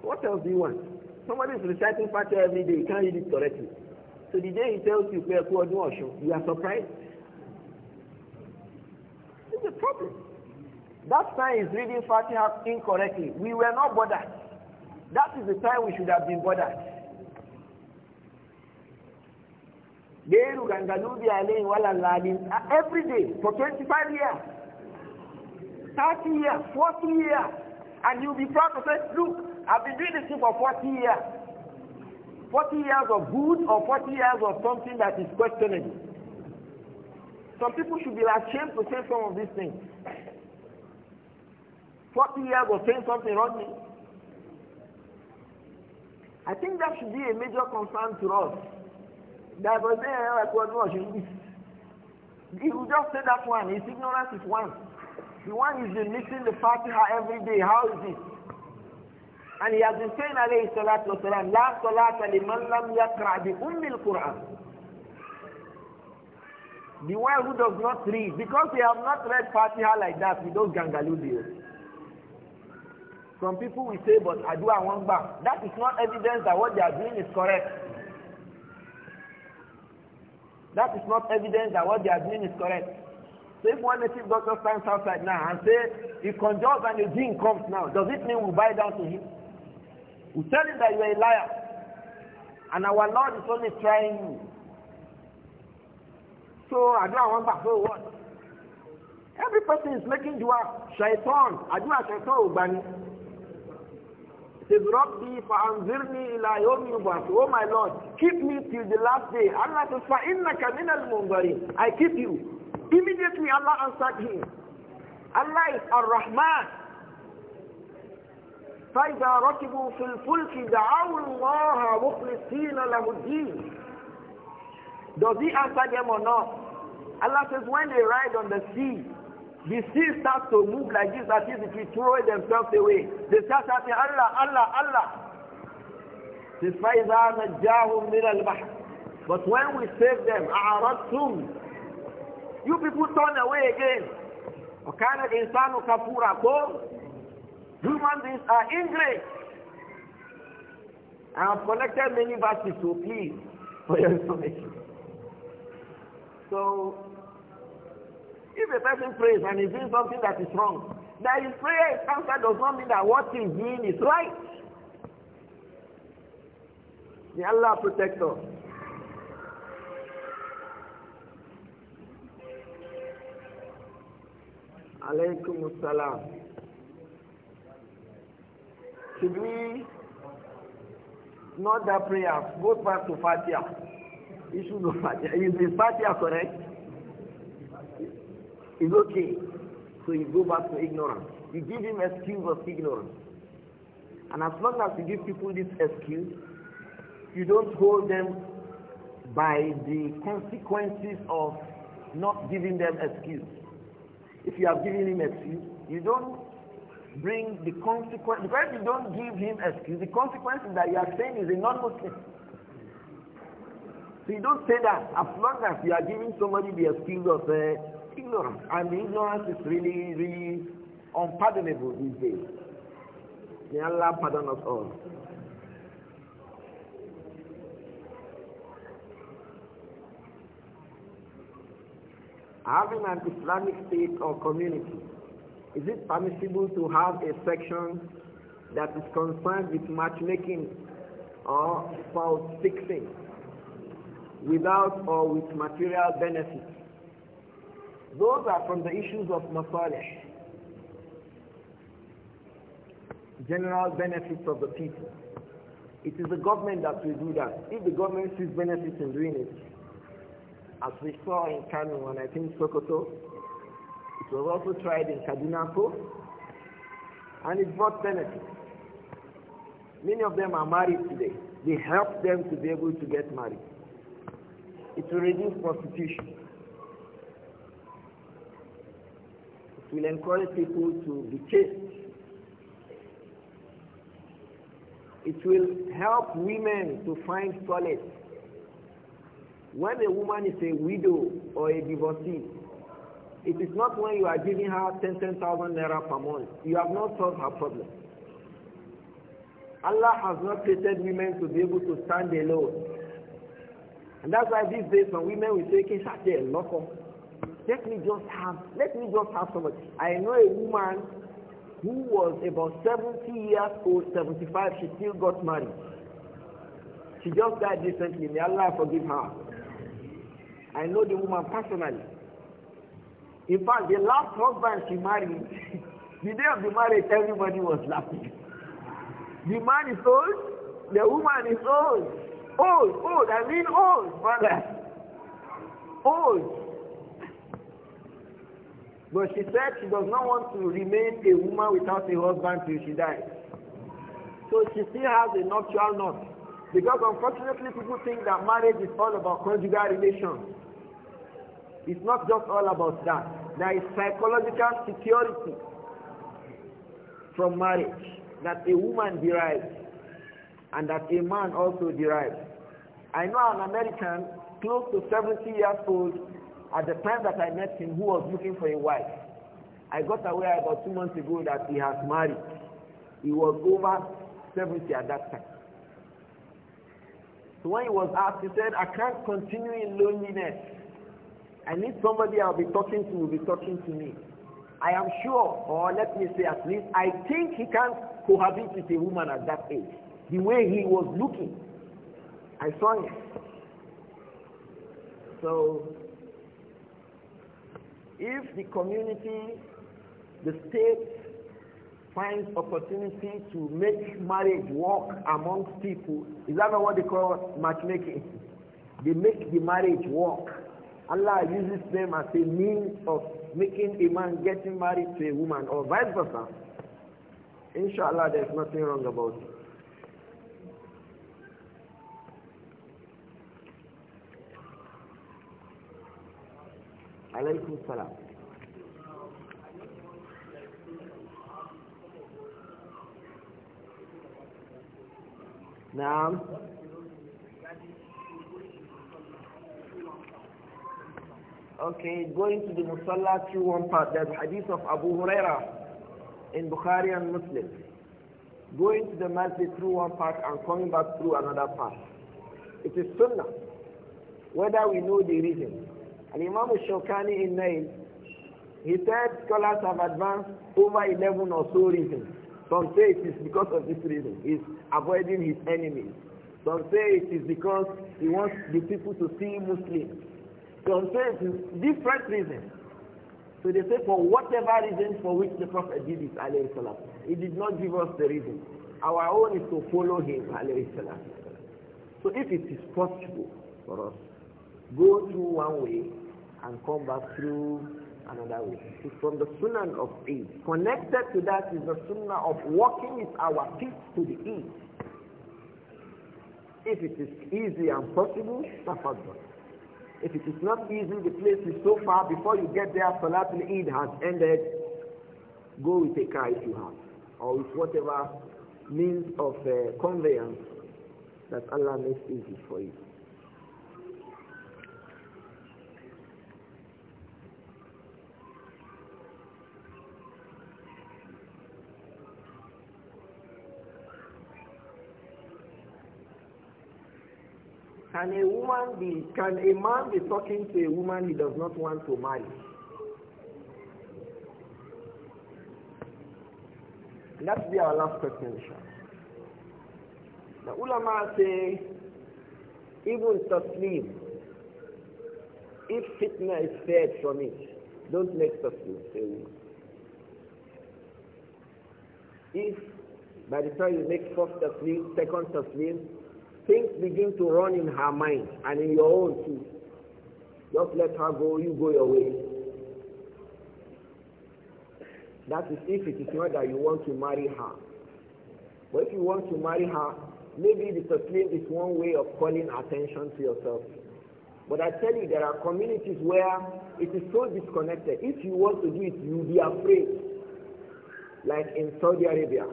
What else do you want? Somebody is reciting Fatiha every day, you can't read it correctly. So the day he tells you, you are surprised. It's a problem. That time is reading Fatiha incorrectly. We were not bothered. That is the time we should have been bothered. Ah, every day for 25 years, 30 years, 40 years, and you'll be proud to say, look, I've been doing this thing for 40 years. 40 years of good or 40 years of something that is questionable. Some people should be ashamed to say some of these things. 40 years was saying something wrong. I think that should be a major concern to us. That was there, like what was He we just say that one, his ignorance is one. The one is been missing the Fatiha every day. How is it? And he has been saying, alayhi salatu wasalam, la salata liman lam yaqra bi ummi al-Qur'an. The one who does not read, because they have not read Fatiha like that with those gangaludios. Some people will say, but Adua won't back. That is not evidence that what they are doing is correct. That is not evidence that what they are doing is correct. So if one native doctor stands outside now and says, if conjures and a jinn comes now, does it mean we bow down to him? We tell him that you are a liar. And our Lord is only trying you. So Adua won't back. So what? Every person is making dua. Shaitan. Adua shaitan ugbani. says, Rabbi fa'anzirni ila yawmi yubath. Oh my Lord, keep me till the last day. Allah says, fa'innaka min al-munzarin. I keep you. Immediately Allah answered him. Allah is Ar-Rahman. فَإِذَا رَكِبُوا فِي الْفُلْكِ دَعَوُا اللَّهَ مُخْلِصِينَ لَهُ الدِّينَ Does he answer them or not? Allah says, when they ride on the sea, the sea start to move like this, that is, if you throw themselves away. They start saying Allah, Allah, Allah. This فَإِذَا نَجَّاهُمْ مِنَ الْبَحْرِ But when we save them, أَعْرَضْتُمْ You people turn away again. وَكَانَ الْإِنسَانُ كَفُورًا Go. Human beings are English. I have collected many verses, so please, for your information. So, If a person prays and is doing something that is wrong, that his prayer is answered does not mean that what he's doing is right. May Allah protect us. Alaykum assalam. To me, not that prayer, go back to Fatiha? You should go Fatiha. Is the Fatiha correct? It's okay. So you go back to ignorance. You give him excuse of ignorance. And as long as you give people this excuse, you don't hold them by the consequences of not giving them excuse. If you have given him excuse, you don't bring the consequence. Because you don't give him excuse, the consequence that you are saying is a non-Muslim. So you don't say that. As long as you are giving somebody the excuse of uh, ignorance. And ignorance is really, really unpardonable these days. May Allah pardon us all. Having an Islamic state or community, is it permissible to have a section that is concerned with matchmaking or spouse fixing without or with material benefits? Those are from the issues of masalih, general benefits of the people. It is the government that will do that. If the government sees benefits in doing it, as we saw in Kano and I think Sokoto, it was also tried in Kaduna and it brought benefits. Many of them are married today. We help them to be able to get married. It will reduce prostitution. will encourage people to be chaste. It will help women to find solace. When a woman is a widow or a divorcee, it is not when you are giving her 10,000 naira per month. You have not solved her problem. Allah has not created women to be able to stand alone. And that's why these days when women will say, Kisha, lock up. Let me just have, let me just have somebody. I know a woman who was about 70 years old, 75, she still got married. She just died recently. May Allah forgive her. I know the woman personally. In fact, the last husband she married, *laughs* the day of the marriage, everybody was laughing. The man is old, the woman is old. Old, old, I mean old, father. Old. But she said she does not want to remain a woman without a husband till she dies. So she still has a nuptial knot. Because unfortunately people think that marriage is all about conjugal relations. It's not just all about that. There is psychological security from marriage that a woman derives and that a man also derives. I know an American close to 70 years old at the time that I met him, who was looking for a wife, I got aware about two months ago that he has married. He was over 70 at that time. So when he was asked, he said, I can't continue in loneliness. I need somebody I'll be talking to will be talking to me. I am sure, or let me say at least, I think he can't cohabit with a woman at that age. The way he was looking, I saw him. So if the community, the state finds opportunity to make marriage work amongst people, is that not what they call matchmaking? *laughs* They make the marriage work. Allah uses them as a means of making a man getting married to a woman or vice versa. Inshallah, there's nothing wrong about it. Okay, going to the Musalla to one part, There's hadith of Abu Huraira in Bukhari and Muslim. Going to the masjid through one part and coming back through another part. It is sunnah. Whether we know the reason. And Imam Shokani in Nail, he said scholars have advanced over 11 or so reasons. Some say it is because of this reason. He's avoiding his enemies. Some say it is because he wants the people to see Muslims. Some say it is different reasons. So they say for whatever reason for which the Prophet did this, salam, he did not give us the reason. Our own is to follow him, alayhi salam. So if it is possible for us go through one way and come back through another way. It's from the sunnah of Eid. Connected to that is the sunnah of walking with our feet to the Eid. If it is easy and possible, tafadhal. If it is not easy, the place is so far, before you get there, Salatul Eid has ended, go with a car if you have, or with whatever means of uh, conveyance that Allah makes easy for you. Can a woman be, can a man be talking to a woman he does not want to marry? That's be our last question, The ulama say, even taslim, if fitna is fed from it, don't make taslim, say If by the time you make first taslim, second taslim, Things begin to run in her mind and in your own too. Just let her go, you go your way. That is if it is not that you want to marry her. But if you want to marry her, maybe the is one way of calling attention to yourself. But I tell you, there are communities where it is so disconnected. If you want to do it, you'll be afraid. Like in Saudi Arabia,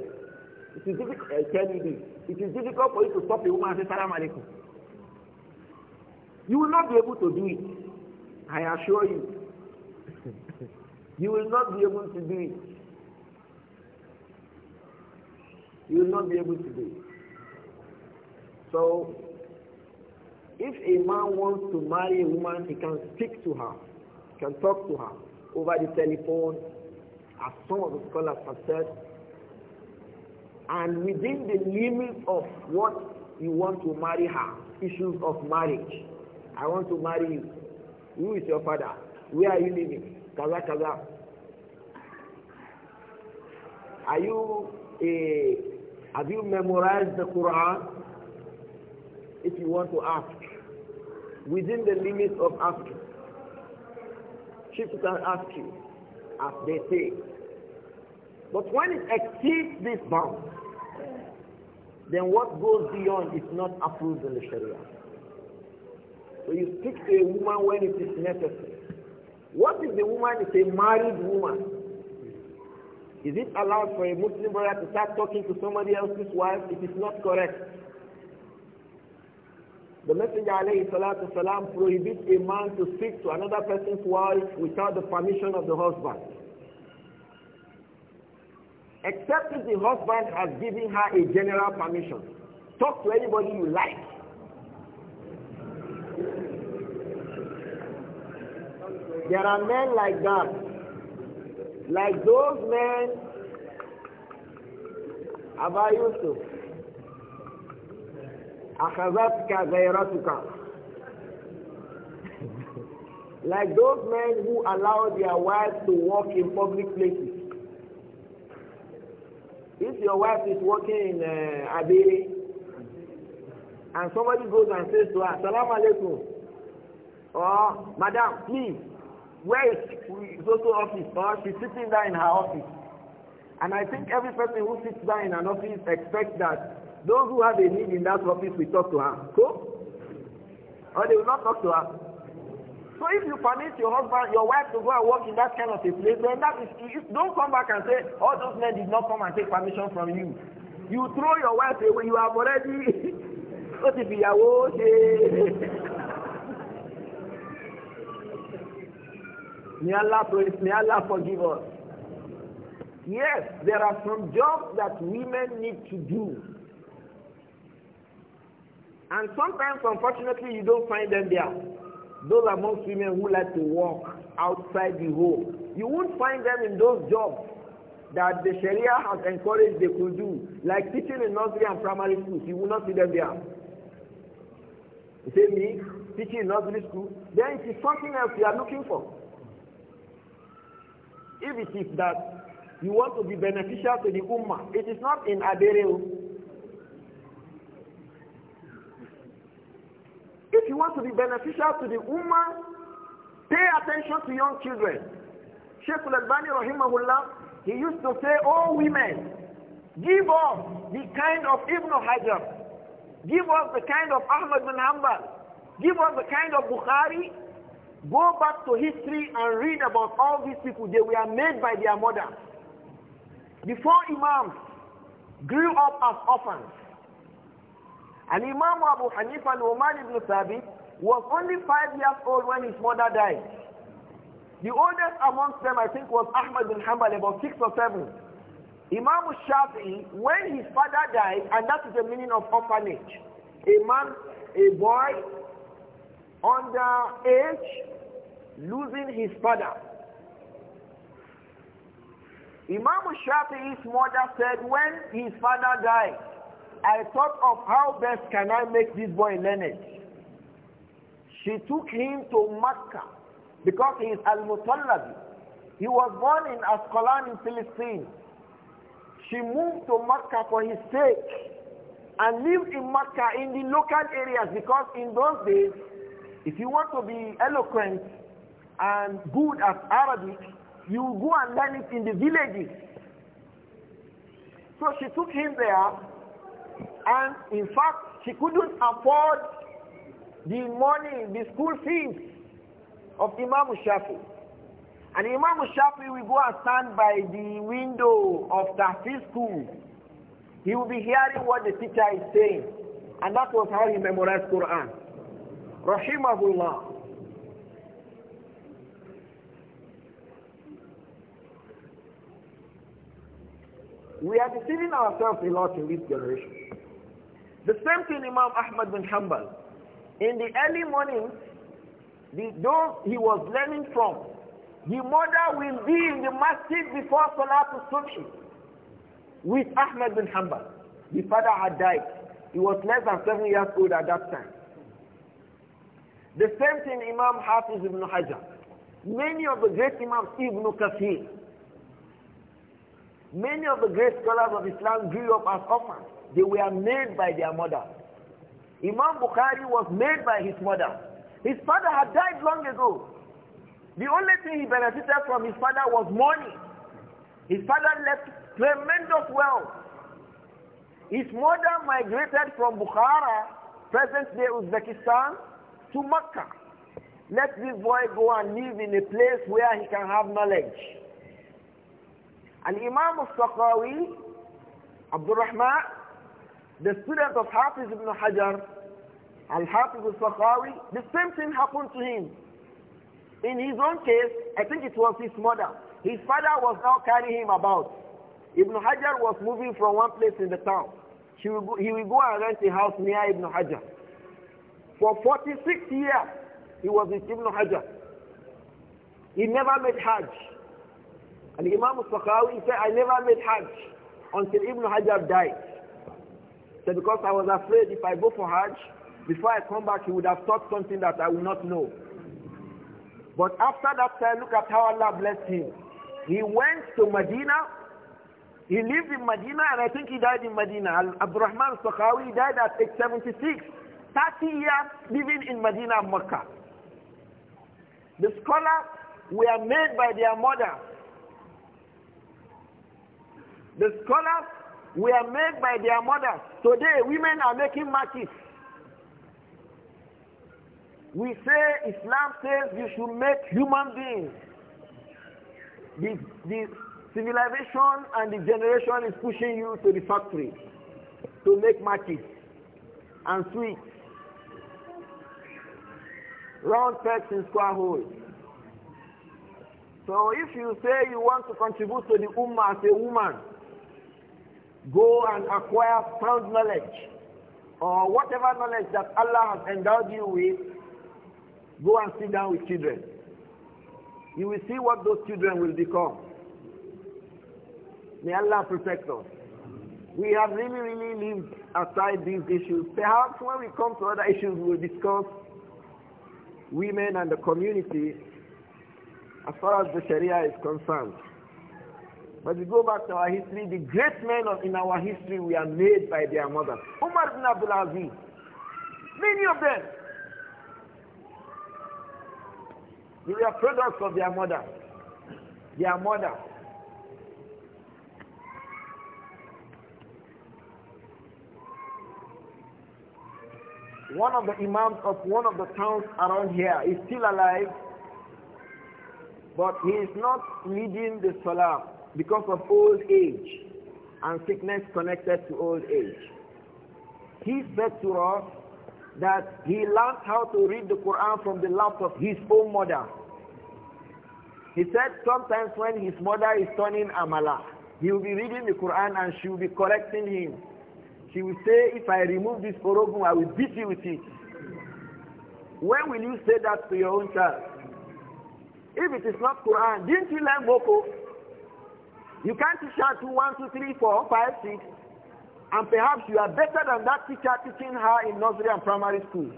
it is difficult, I tell you this, it is difficult for you to stop a woman and say, Salam alaikum. You will not be able to do it. I assure you. *laughs* you will not be able to do it. You will not be able to do it. So, if a man wants to marry a woman, he can speak to her, can talk to her over the telephone, as some of the scholars have said, and within the limits of what you want to marry her, issues of marriage. I want to marry you. Who is your father? Where are you living? Kaza kaza. Are you a, have you memorized the Quran? If you want to ask, within the limits of asking, she can ask you, as they say, but when it exceeds this bound, then what goes beyond is not approved in the Sharia. So you speak to a woman when it is necessary. What if the woman is a married woman? Is it allowed for a Muslim brother to start talking to somebody else's wife? It is not correct. The Messenger والسلام, prohibits a man to speak to another person's wife without the permission of the husband. Except if the husband has given her a general permission. Talk to anybody you like. There are men like that. Like those men, Abba Yusuf, *laughs* like those men who allow their wives to walk in public places If your wife is working in uh, Abiri, and somebody goes and says to her, Salam alaikum, or Madam, please, where is Zoto office? Or she's sitting there in her office. And I think every person who sits there in an office expects that those who have a need in that office will talk to her. Cool? Or they will not talk to her. So if you permit your husband, your wife to go and work in that kind of a place, then that is, don't come back and say, all those men did not come and take permission from you. You throw your wife away, you have already, *laughs* ó ti fìyàwó ṣe. May Allah, please, may Allah forgive us. Yes, there are some jobs that women need to do. And sometimes, unfortunately, you don't find them there those amongst women who like to work outside the home, you won't find them in those jobs that the Sharia has encouraged they could do, like teaching in nursery and primary schools. You will not see them there. You say me teaching in nursery school? Then it is something else you are looking for. If it is that you want to be beneficial to the Ummah, it is not in Adere. Oh. If you want to be beneficial to the ummah, pay attention to young children. Sheikh Al-Albani rahimahullah, he used to say, oh women, give us the kind of Ibn Hajar, give us the kind of Ahmad bin Hanbal, give us the kind of Bukhari, go back to history and read about all these people. They were made by their mothers. before imams grew up as orphans. And Imam Abu Hanifa and Umar ibn Thabit was only five years old when his mother died. The oldest amongst them, I think, was Ahmad bin Hanbal, about six or seven. Imam Shafi'i, when his father died, and that is the meaning of orphanage, a man, a boy, under age, losing his father. Imam Shafi'i's mother said when his father died, I thought of how best can I make this boy learn it. She took him to Mecca because he is Al-Mutallabi. He was born in Ascalon in Philistine. She moved to Mecca for his sake and lived in Mecca in the local areas because in those days, if you want to be eloquent and good at Arabic, you go and learn it in the villages. So she took him there and in fact, she couldn't afford the money, the school fees of Imam Shafi. And Imam Shafi will go and stand by the window of Tafi school. He will be hearing what the teacher is saying. And that was how he memorized Quran. Rahimahullah. We are deceiving ourselves a lot in this generation. The same thing Imam Ahmad bin Hanbal. In the early morning, the, those he was learning from, the mother will be in the masjid before Salatul Subhi with Ahmad bin Hanbal. The father had died. He was less than seven years old at that time. The same thing Imam Hafiz ibn Hajar. Many of the great Imams, Ibn Kathir, many of the great scholars of Islam grew up as orphans. They were made by their mother. Imam Bukhari was made by his mother. His father had died long ago. The only thing he benefited from his father was money. His father left tremendous wealth. His mother migrated from Bukhara, present-day Uzbekistan, to Mecca. Let this boy go and live in a place where he can have knowledge. And Imam al-Saqawi, Abdul Rahman, the student of Hafiz ibn Hajar, Al-Hafiz al-Sakhawi, the same thing happened to him. In his own case, I think it was his mother. His father was now carrying him about. Ibn Hajar was moving from one place in the town. he will go, he will go and rent a house near Ibn Hajar. For 46 years, he was with Ibn Hajar. He never made Hajj. And Imam al-Sakhawi said, I never made Hajj until Ibn Hajar died because I was afraid if I go for Hajj, before I come back, he would have taught something that I will not know. But after that time, look at how Allah blessed him. He went to Medina. He lived in Medina, and I think he died in Medina. Abdurrahman Sakhawi died at age 76. 30 years living in Medina, Mecca. The scholars were made by their mother. The scholars were made by their mothers. Today, women are making matches. We say Islam says you should make human beings. The, the civilization and the generation is pushing you to the factory to make matches and sweets. Round pegs in square holes. So if you say you want to contribute to the Ummah as a woman, Go and acquire sound knowledge or whatever knowledge that Allah has endowed you with. Go and sit down with children. You will see what those children will become. May Allah protect us. We have really, really lived aside these issues. Perhaps when we come to other issues, we'll discuss women and the community as far as the Sharia is concerned. But we go back to our history, the great men of, in our history we are made by their mother. Umar ibn Abdul Aziz, many of them, they were products of their mother. Their mother. One of the imams of one of the towns around here is still alive, but he is not leading the salah because of old age and sickness connected to old age. He said to us that he learned how to read the Quran from the lap of his own mother. He said sometimes when his mother is turning Amala, he will be reading the Quran and she will be correcting him. She will say, if I remove this orogun, I will beat you with it. When will you say that to your own child? If it is not Quran, didn't you learn Boko? You can't teach her two, one, two, three, four, five, six, and perhaps you are better than that teacher teaching her in nursery and primary school.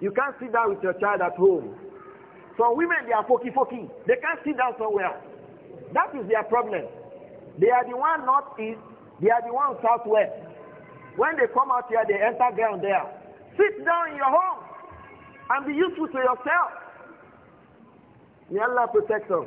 You can't sit down with your child at home. Some women, they are pokey pokey. They can't sit down somewhere. That is their problem. They are the one northeast, they are the one southwest. When they come out here, they enter ground there. Sit down in your home and be useful to yourself. May Allah protect us.